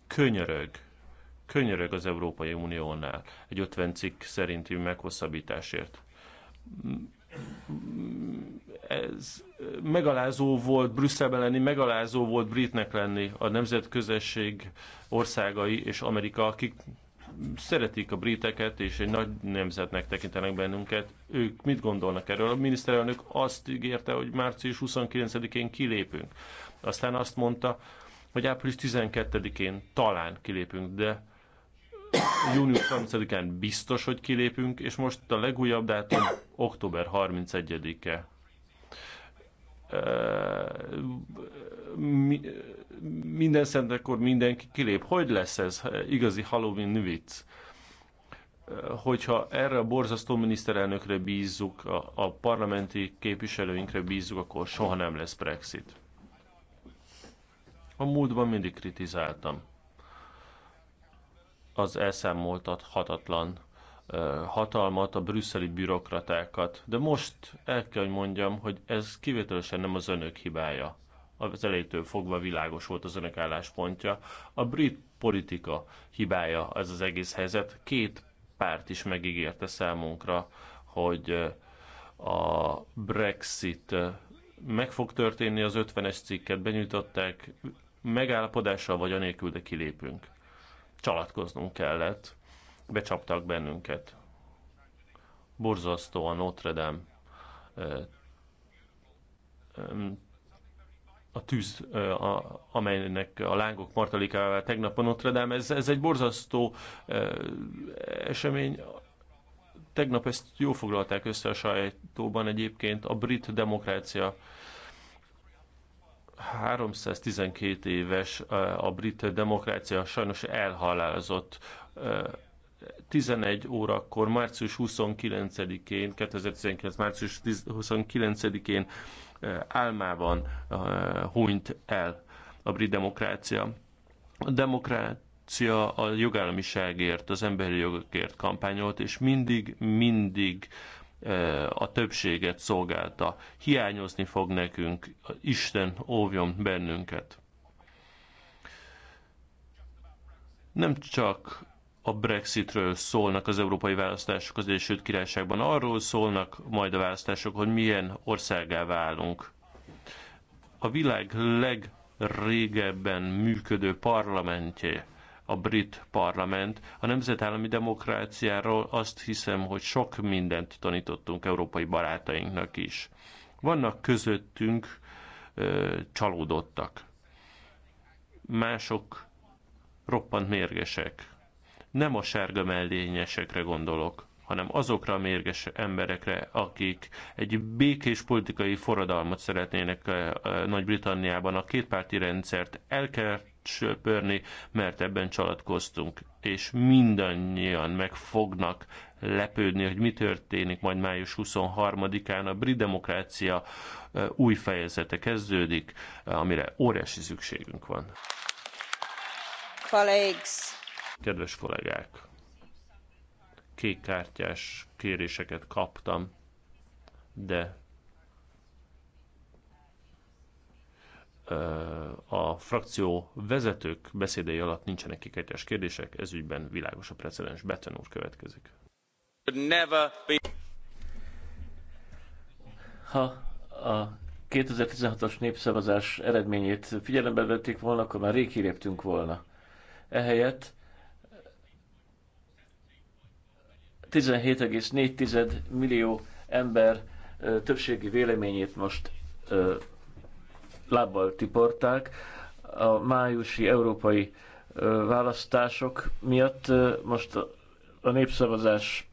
könyörög, könyörög az Európai Uniónál egy 50 cikk szerinti meghosszabbításért. Ez megalázó volt Brüsszelben lenni, megalázó volt britnek lenni a nemzetközösség országai és Amerika, akik szeretik a briteket, és egy nagy nemzetnek tekintenek bennünket. Ők mit gondolnak erről? A miniszterelnök azt ígérte, hogy március 29-én kilépünk. Aztán azt mondta, hogy április 12-én talán kilépünk, de június 30-án biztos, hogy kilépünk, és most a legújabb dátum október 31-e. minden szentekor mindenki kilép. Hogy lesz ez igazi Halloween vicc? Hogyha erre a borzasztó miniszterelnökre bízzuk, a parlamenti képviselőinkre bízzuk, akkor soha nem lesz Brexit. A múltban mindig kritizáltam az elszámoltathatatlan hatalmat, a brüsszeli bürokratákat, de most el kell, hogy mondjam, hogy ez kivételesen nem az önök hibája. Az elejétől fogva világos volt az önök álláspontja. A brit politika hibája ez az egész helyzet. Két párt is megígérte számunkra, hogy a Brexit meg fog történni, az 50-es cikket benyújtották, megállapodással vagy anélkül, de kilépünk. Csalatkoznunk kellett, becsaptak bennünket. Borzasztó a Notre Dame a tűz, a, amelynek a lángok martalikával tegnap a Notre Dame, ez, ez egy borzasztó esemény. Tegnap ezt jó foglalták össze a sajtóban egyébként, a brit demokrácia 312 éves a brit demokrácia sajnos elhalálozott 11 órakor, március 29-én, 2019. március 29-én álmában hunyt el a brit demokrácia. A demokrácia a jogállamiságért, az emberi jogokért kampányolt, és mindig, mindig uh, a többséget szolgálta. Hiányozni fog nekünk, Isten óvjon bennünket. Nem csak a Brexitről szólnak az európai választások az Egyesült Királyságban, arról szólnak majd a választások, hogy milyen országá válunk. A világ legrégebben működő parlamentje a brit parlament. A nemzetállami demokráciáról azt hiszem, hogy sok mindent tanítottunk európai barátainknak is. Vannak közöttünk ö, csalódottak. Mások roppant mérgesek. Nem a sárga mellényesekre gondolok hanem azokra a mérges emberekre, akik egy békés politikai forradalmat szeretnének eh, eh, Nagy-Britanniában. A kétpárti rendszert el kell söpörni, mert ebben csalatkoztunk, és mindannyian meg fognak lepődni, hogy mi történik majd május 23-án. A brit demokrácia eh, új fejezete kezdődik, amire óriási szükségünk van. Kedves kollégák! kékkártyás kéréseket kaptam, de a frakció vezetők beszédei alatt nincsenek kikegyes kérdések, ez ügyben világos a precedens. Betten úr következik. Ha a 2016-as népszavazás eredményét figyelembe vették volna, akkor már rég volna. Ehelyett 17,4 millió ember többségi véleményét most lábbal tiporták. A májusi európai választások miatt most a népszavazás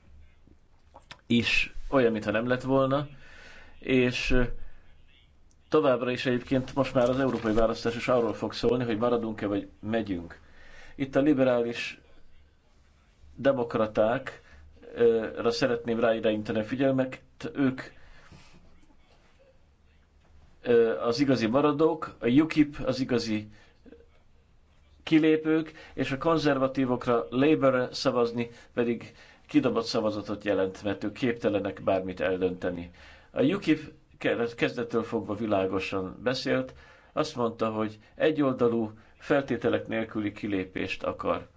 is olyan, mintha nem lett volna, és továbbra is egyébként most már az európai választás is arról fog szólni, hogy maradunk-e vagy megyünk. Itt a liberális demokraták ra szeretném ráirányítani a figyelmet, ők az igazi maradók, a UKIP az igazi kilépők, és a konzervatívokra labor szavazni pedig kidobott szavazatot jelent, mert ők képtelenek bármit eldönteni. A UKIP kezdettől fogva világosan beszélt, azt mondta, hogy egyoldalú, feltételek nélküli kilépést akar.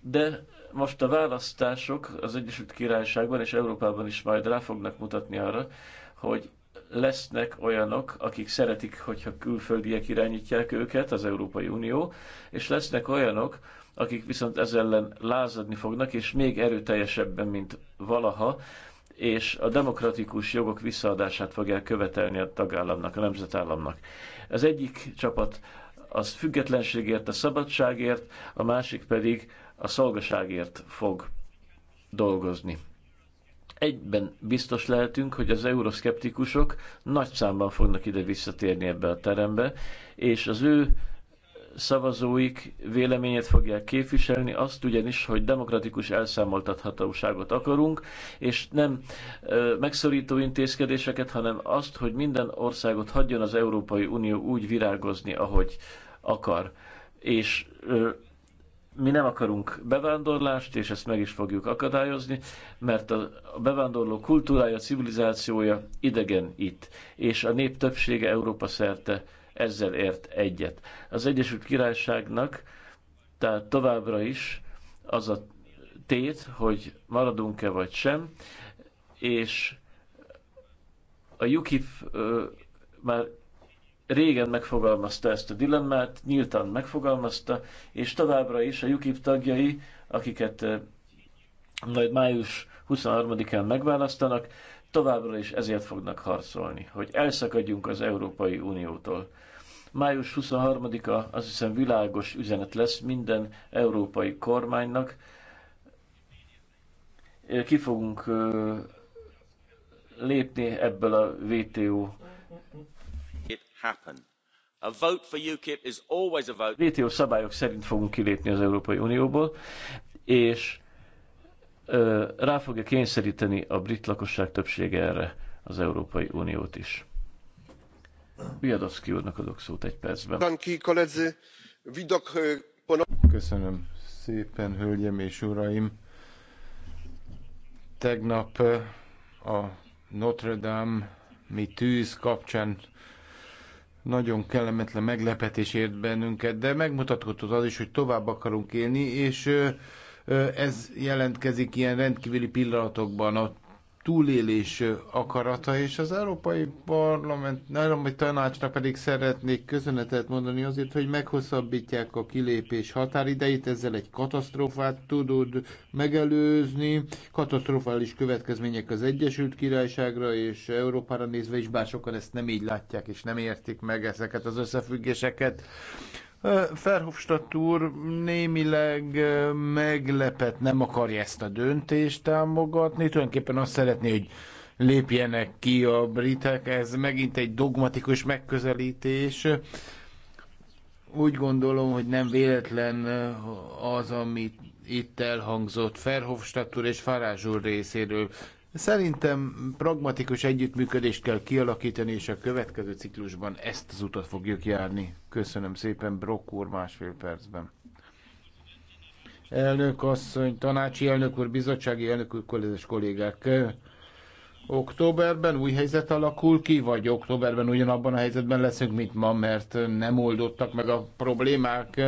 De most a választások az Egyesült Királyságban és Európában is majd rá fognak mutatni arra, hogy lesznek olyanok, akik szeretik, hogyha külföldiek irányítják őket, az Európai Unió, és lesznek olyanok, akik viszont ezzel ellen lázadni fognak, és még erőteljesebben, mint valaha, és a demokratikus jogok visszaadását fogják követelni a tagállamnak, a nemzetállamnak. Az egyik csapat az függetlenségért, a szabadságért, a másik pedig a szolgaságért fog dolgozni. Egyben biztos lehetünk, hogy az euroszkeptikusok nagy számban fognak ide visszatérni ebbe a terembe, és az ő szavazóik véleményét fogják képviselni, azt ugyanis, hogy demokratikus elszámoltathatóságot akarunk, és nem ö, megszorító intézkedéseket, hanem azt, hogy minden országot hagyjon az Európai Unió úgy virágozni, ahogy akar. És ö, mi nem akarunk bevándorlást, és ezt meg is fogjuk akadályozni, mert a bevándorló kultúrája, civilizációja idegen itt, és a nép többsége Európa szerte ezzel ért egyet. Az Egyesült Királyságnak tehát továbbra is az a tét, hogy maradunk-e vagy sem, és a UKIP ö, már régen megfogalmazta ezt a dilemmát, nyíltan megfogalmazta, és továbbra is a UKIP tagjai, akiket eh, majd május 23-án megválasztanak, továbbra is ezért fognak harcolni, hogy elszakadjunk az Európai Uniótól. Május 23-a az hiszem világos üzenet lesz minden európai kormánynak. Eh, ki fogunk eh, lépni ebből a WTO happen. A vote for UKIP is always a vote. WTO szabályok szerint fogunk kilépni az Európai Unióból, és ö, rá fogja kényszeríteni a brit lakosság többsége erre az Európai Uniót is. Viadovszki úrnak adok szót egy percben. Köszönöm szépen, hölgyem és uraim! Tegnap a Notre Dame mi tűz kapcsán nagyon kellemetlen meglepetés ért bennünket, de megmutatkozott az is, hogy tovább akarunk élni, és ez jelentkezik ilyen rendkívüli pillanatokban. A túlélés akarata, és az Európai Parlament, hogy Tanácsnak pedig szeretnék köszönetet mondani azért, hogy meghosszabbítják a kilépés határidejét, ezzel egy katasztrófát tudod megelőzni, katasztrofális következmények az Egyesült Királyságra és Európára nézve is, bár sokan ezt nem így látják, és nem értik meg ezeket az összefüggéseket. Ferhofstadt úr némileg meglepet nem akarja ezt a döntést támogatni. Tulajdonképpen azt szeretné, hogy lépjenek ki a britek. Ez megint egy dogmatikus megközelítés. Úgy gondolom, hogy nem véletlen az, amit itt elhangzott Ferhofstadt úr és Farázs úr részéről. Szerintem pragmatikus együttműködést kell kialakítani, és a következő ciklusban ezt az utat fogjuk járni. Köszönöm szépen, Brock úr, másfél percben. Elnök asszony, tanácsi elnök úr, bizottsági elnök úr, kollégás kollégák. Októberben új helyzet alakul ki, vagy októberben ugyanabban a helyzetben leszünk, mint ma, mert nem oldottak meg a problémák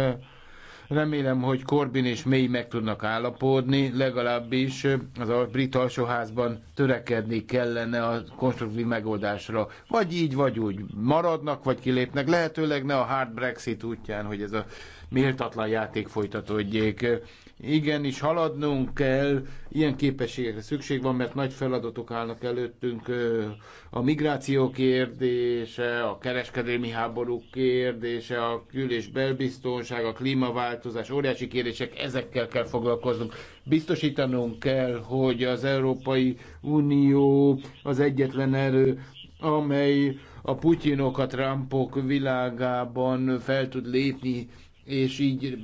Remélem, hogy Corbyn és May meg tudnak állapodni, legalábbis az a brit alsóházban törekedni kellene a konstruktív megoldásra. Vagy így, vagy úgy maradnak, vagy kilépnek, lehetőleg ne a hard Brexit útján, hogy ez a méltatlan játék folytatódjék. igen is haladnunk kell, ilyen képességekre szükség van, mert nagy feladatok állnak előttünk. A migráció kérdése, a kereskedelmi háború kérdése, a kül- és belbiztonság, a klímaváltozás, óriási kérdések, ezekkel kell foglalkoznunk. Biztosítanunk kell, hogy az Európai Unió az egyetlen erő, amely a putyinok, a trumpok világában fel tud lépni és így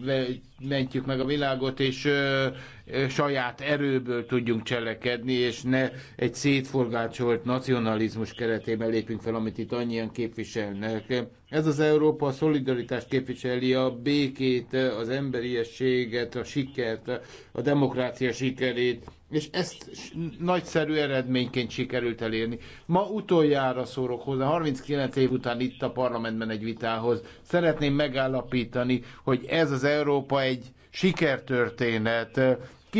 mentjük meg a világot, és ö, ö, saját erőből tudjunk cselekedni, és ne egy szétforgácsolt nacionalizmus keretében lépünk fel, amit itt annyian képviselnek. Ez az Európa a szolidaritást képviseli, a békét, az emberiességet, a sikert, a demokrácia sikerét, és ezt nagyszerű eredményként sikerült elérni. Ma utoljára szórok hozzá, 39 év után itt a parlamentben egy vitához. Szeretném megállapítani, hogy ez az Európa egy sikertörténet.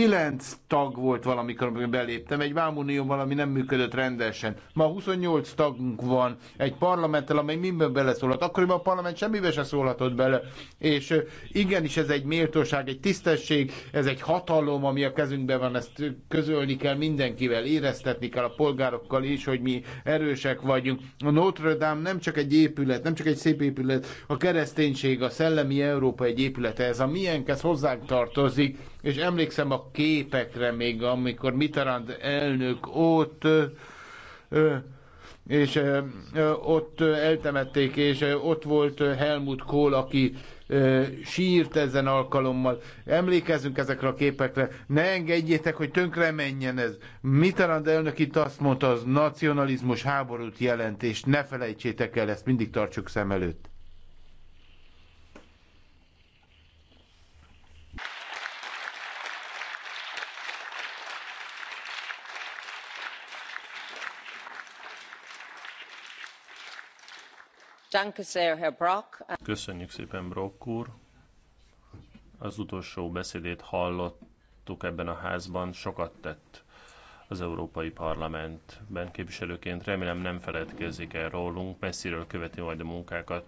Kilenc tag volt valamikor, amikor beléptem, egy vámunió valami nem működött rendesen. Ma 28 tagunk van, egy parlamenttel, amely minden beleszólhat. Akkoriban a parlament semmibe se szólhatott bele. És igenis ez egy méltóság, egy tisztesség, ez egy hatalom, ami a kezünkben van, ezt közölni kell mindenkivel, éreztetni kell a polgárokkal is, hogy mi erősek vagyunk. A Notre Dame nem csak egy épület, nem csak egy szép épület, a kereszténység, a szellemi Európa egy épülete, ez a miénk, ez hozzánk tartozik és emlékszem a képekre még, amikor Mitterrand elnök ott és ott eltemették, és ott volt Helmut Kohl, aki sírt ezen alkalommal. Emlékezzünk ezekre a képekre. Ne engedjétek, hogy tönkre menjen ez. Mitterrand elnök itt azt mondta, az nacionalizmus háborút jelent, és ne felejtsétek el, ezt mindig tartsuk szem előtt. Köszönjük szépen, Brok úr. Az utolsó beszédét hallottuk ebben a házban, sokat tett az Európai Parlamentben képviselőként. Remélem nem feledkezik el rólunk, messziről követi majd a munkákat.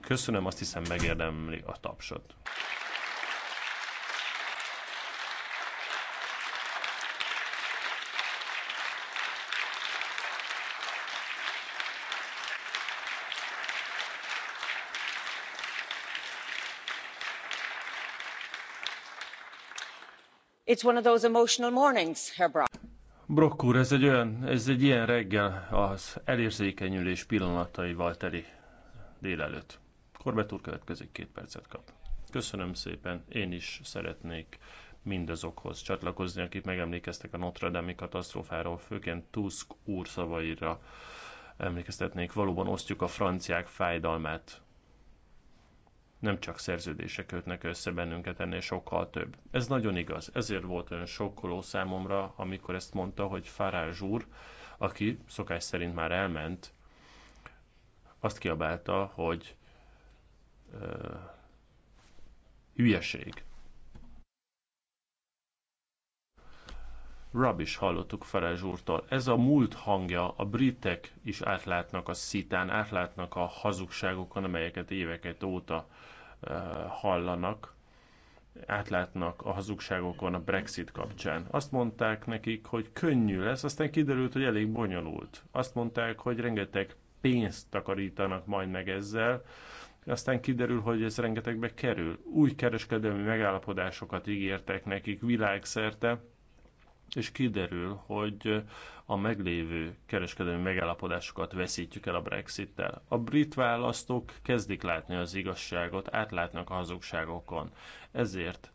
Köszönöm, azt hiszem megérdemli a tapsot. It's one of those emotional mornings, Herr Brock. Brock úr, ez egy, olyan, ez egy ilyen reggel az elérzékenyülés pillanataival teli délelőtt. Korbett úr következik, két percet kap. Köszönöm szépen, én is szeretnék mindazokhoz csatlakozni, akik megemlékeztek a Notre Dame-i katasztrófáról, főként Tusk úr szavaira emlékeztetnék. Valóban osztjuk a franciák fájdalmát nem csak szerződések kötnek össze bennünket, ennél sokkal több. Ez nagyon igaz. Ezért volt olyan sokkoló számomra, amikor ezt mondta, hogy Farázs úr, aki szokás szerint már elment, azt kiabálta, hogy ö, hülyeség Rab is hallottuk Farage úrtól. Ez a múlt hangja, a britek is átlátnak a szitán, átlátnak a hazugságokon, amelyeket éveket óta uh, hallanak, átlátnak a hazugságokon a Brexit kapcsán. Azt mondták nekik, hogy könnyű lesz, aztán kiderült, hogy elég bonyolult. Azt mondták, hogy rengeteg pénzt takarítanak majd meg ezzel, aztán kiderül, hogy ez rengetegbe kerül. Új kereskedelmi megállapodásokat ígértek nekik világszerte, és kiderül, hogy a meglévő kereskedelmi megállapodásokat veszítjük el a Brexit-tel. A brit választók kezdik látni az igazságot, átlátnak a hazugságokon. Ezért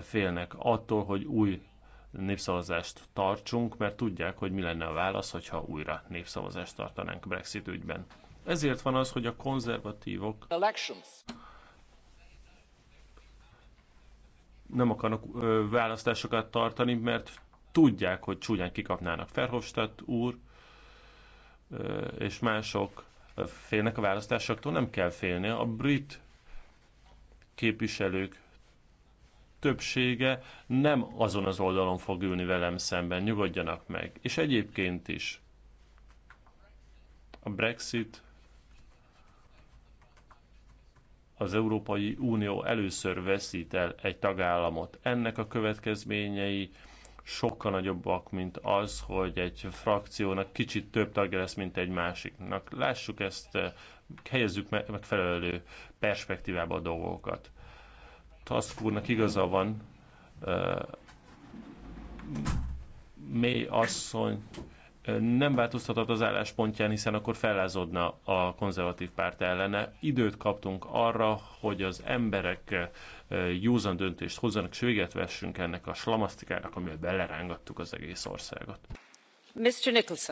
félnek attól, hogy új népszavazást tartsunk, mert tudják, hogy mi lenne a válasz, hogyha újra népszavazást tartanánk Brexit ügyben. Ezért van az, hogy a konzervatívok nem akarnak választásokat tartani, mert tudják, hogy csúnyán kikapnának Ferhofstadt úr, és mások félnek a választásoktól, nem kell félni. A brit képviselők többsége nem azon az oldalon fog ülni velem szemben, nyugodjanak meg. És egyébként is a Brexit az Európai Unió először veszít el egy tagállamot. Ennek a következményei sokkal nagyobbak, mint az, hogy egy frakciónak kicsit több tagja lesz, mint egy másiknak. Lássuk ezt, eh, helyezzük megfelelő perspektívába a dolgokat. Tusk úrnak igaza van, eh, mély asszony eh, nem változtatott az álláspontján, hiszen akkor fellázodna a konzervatív párt ellene. Időt kaptunk arra, hogy az emberek józan döntést hozzanak, és véget vessünk ennek a slamasztikának, amivel belerángattuk az egész országot. Mr. Nicholson.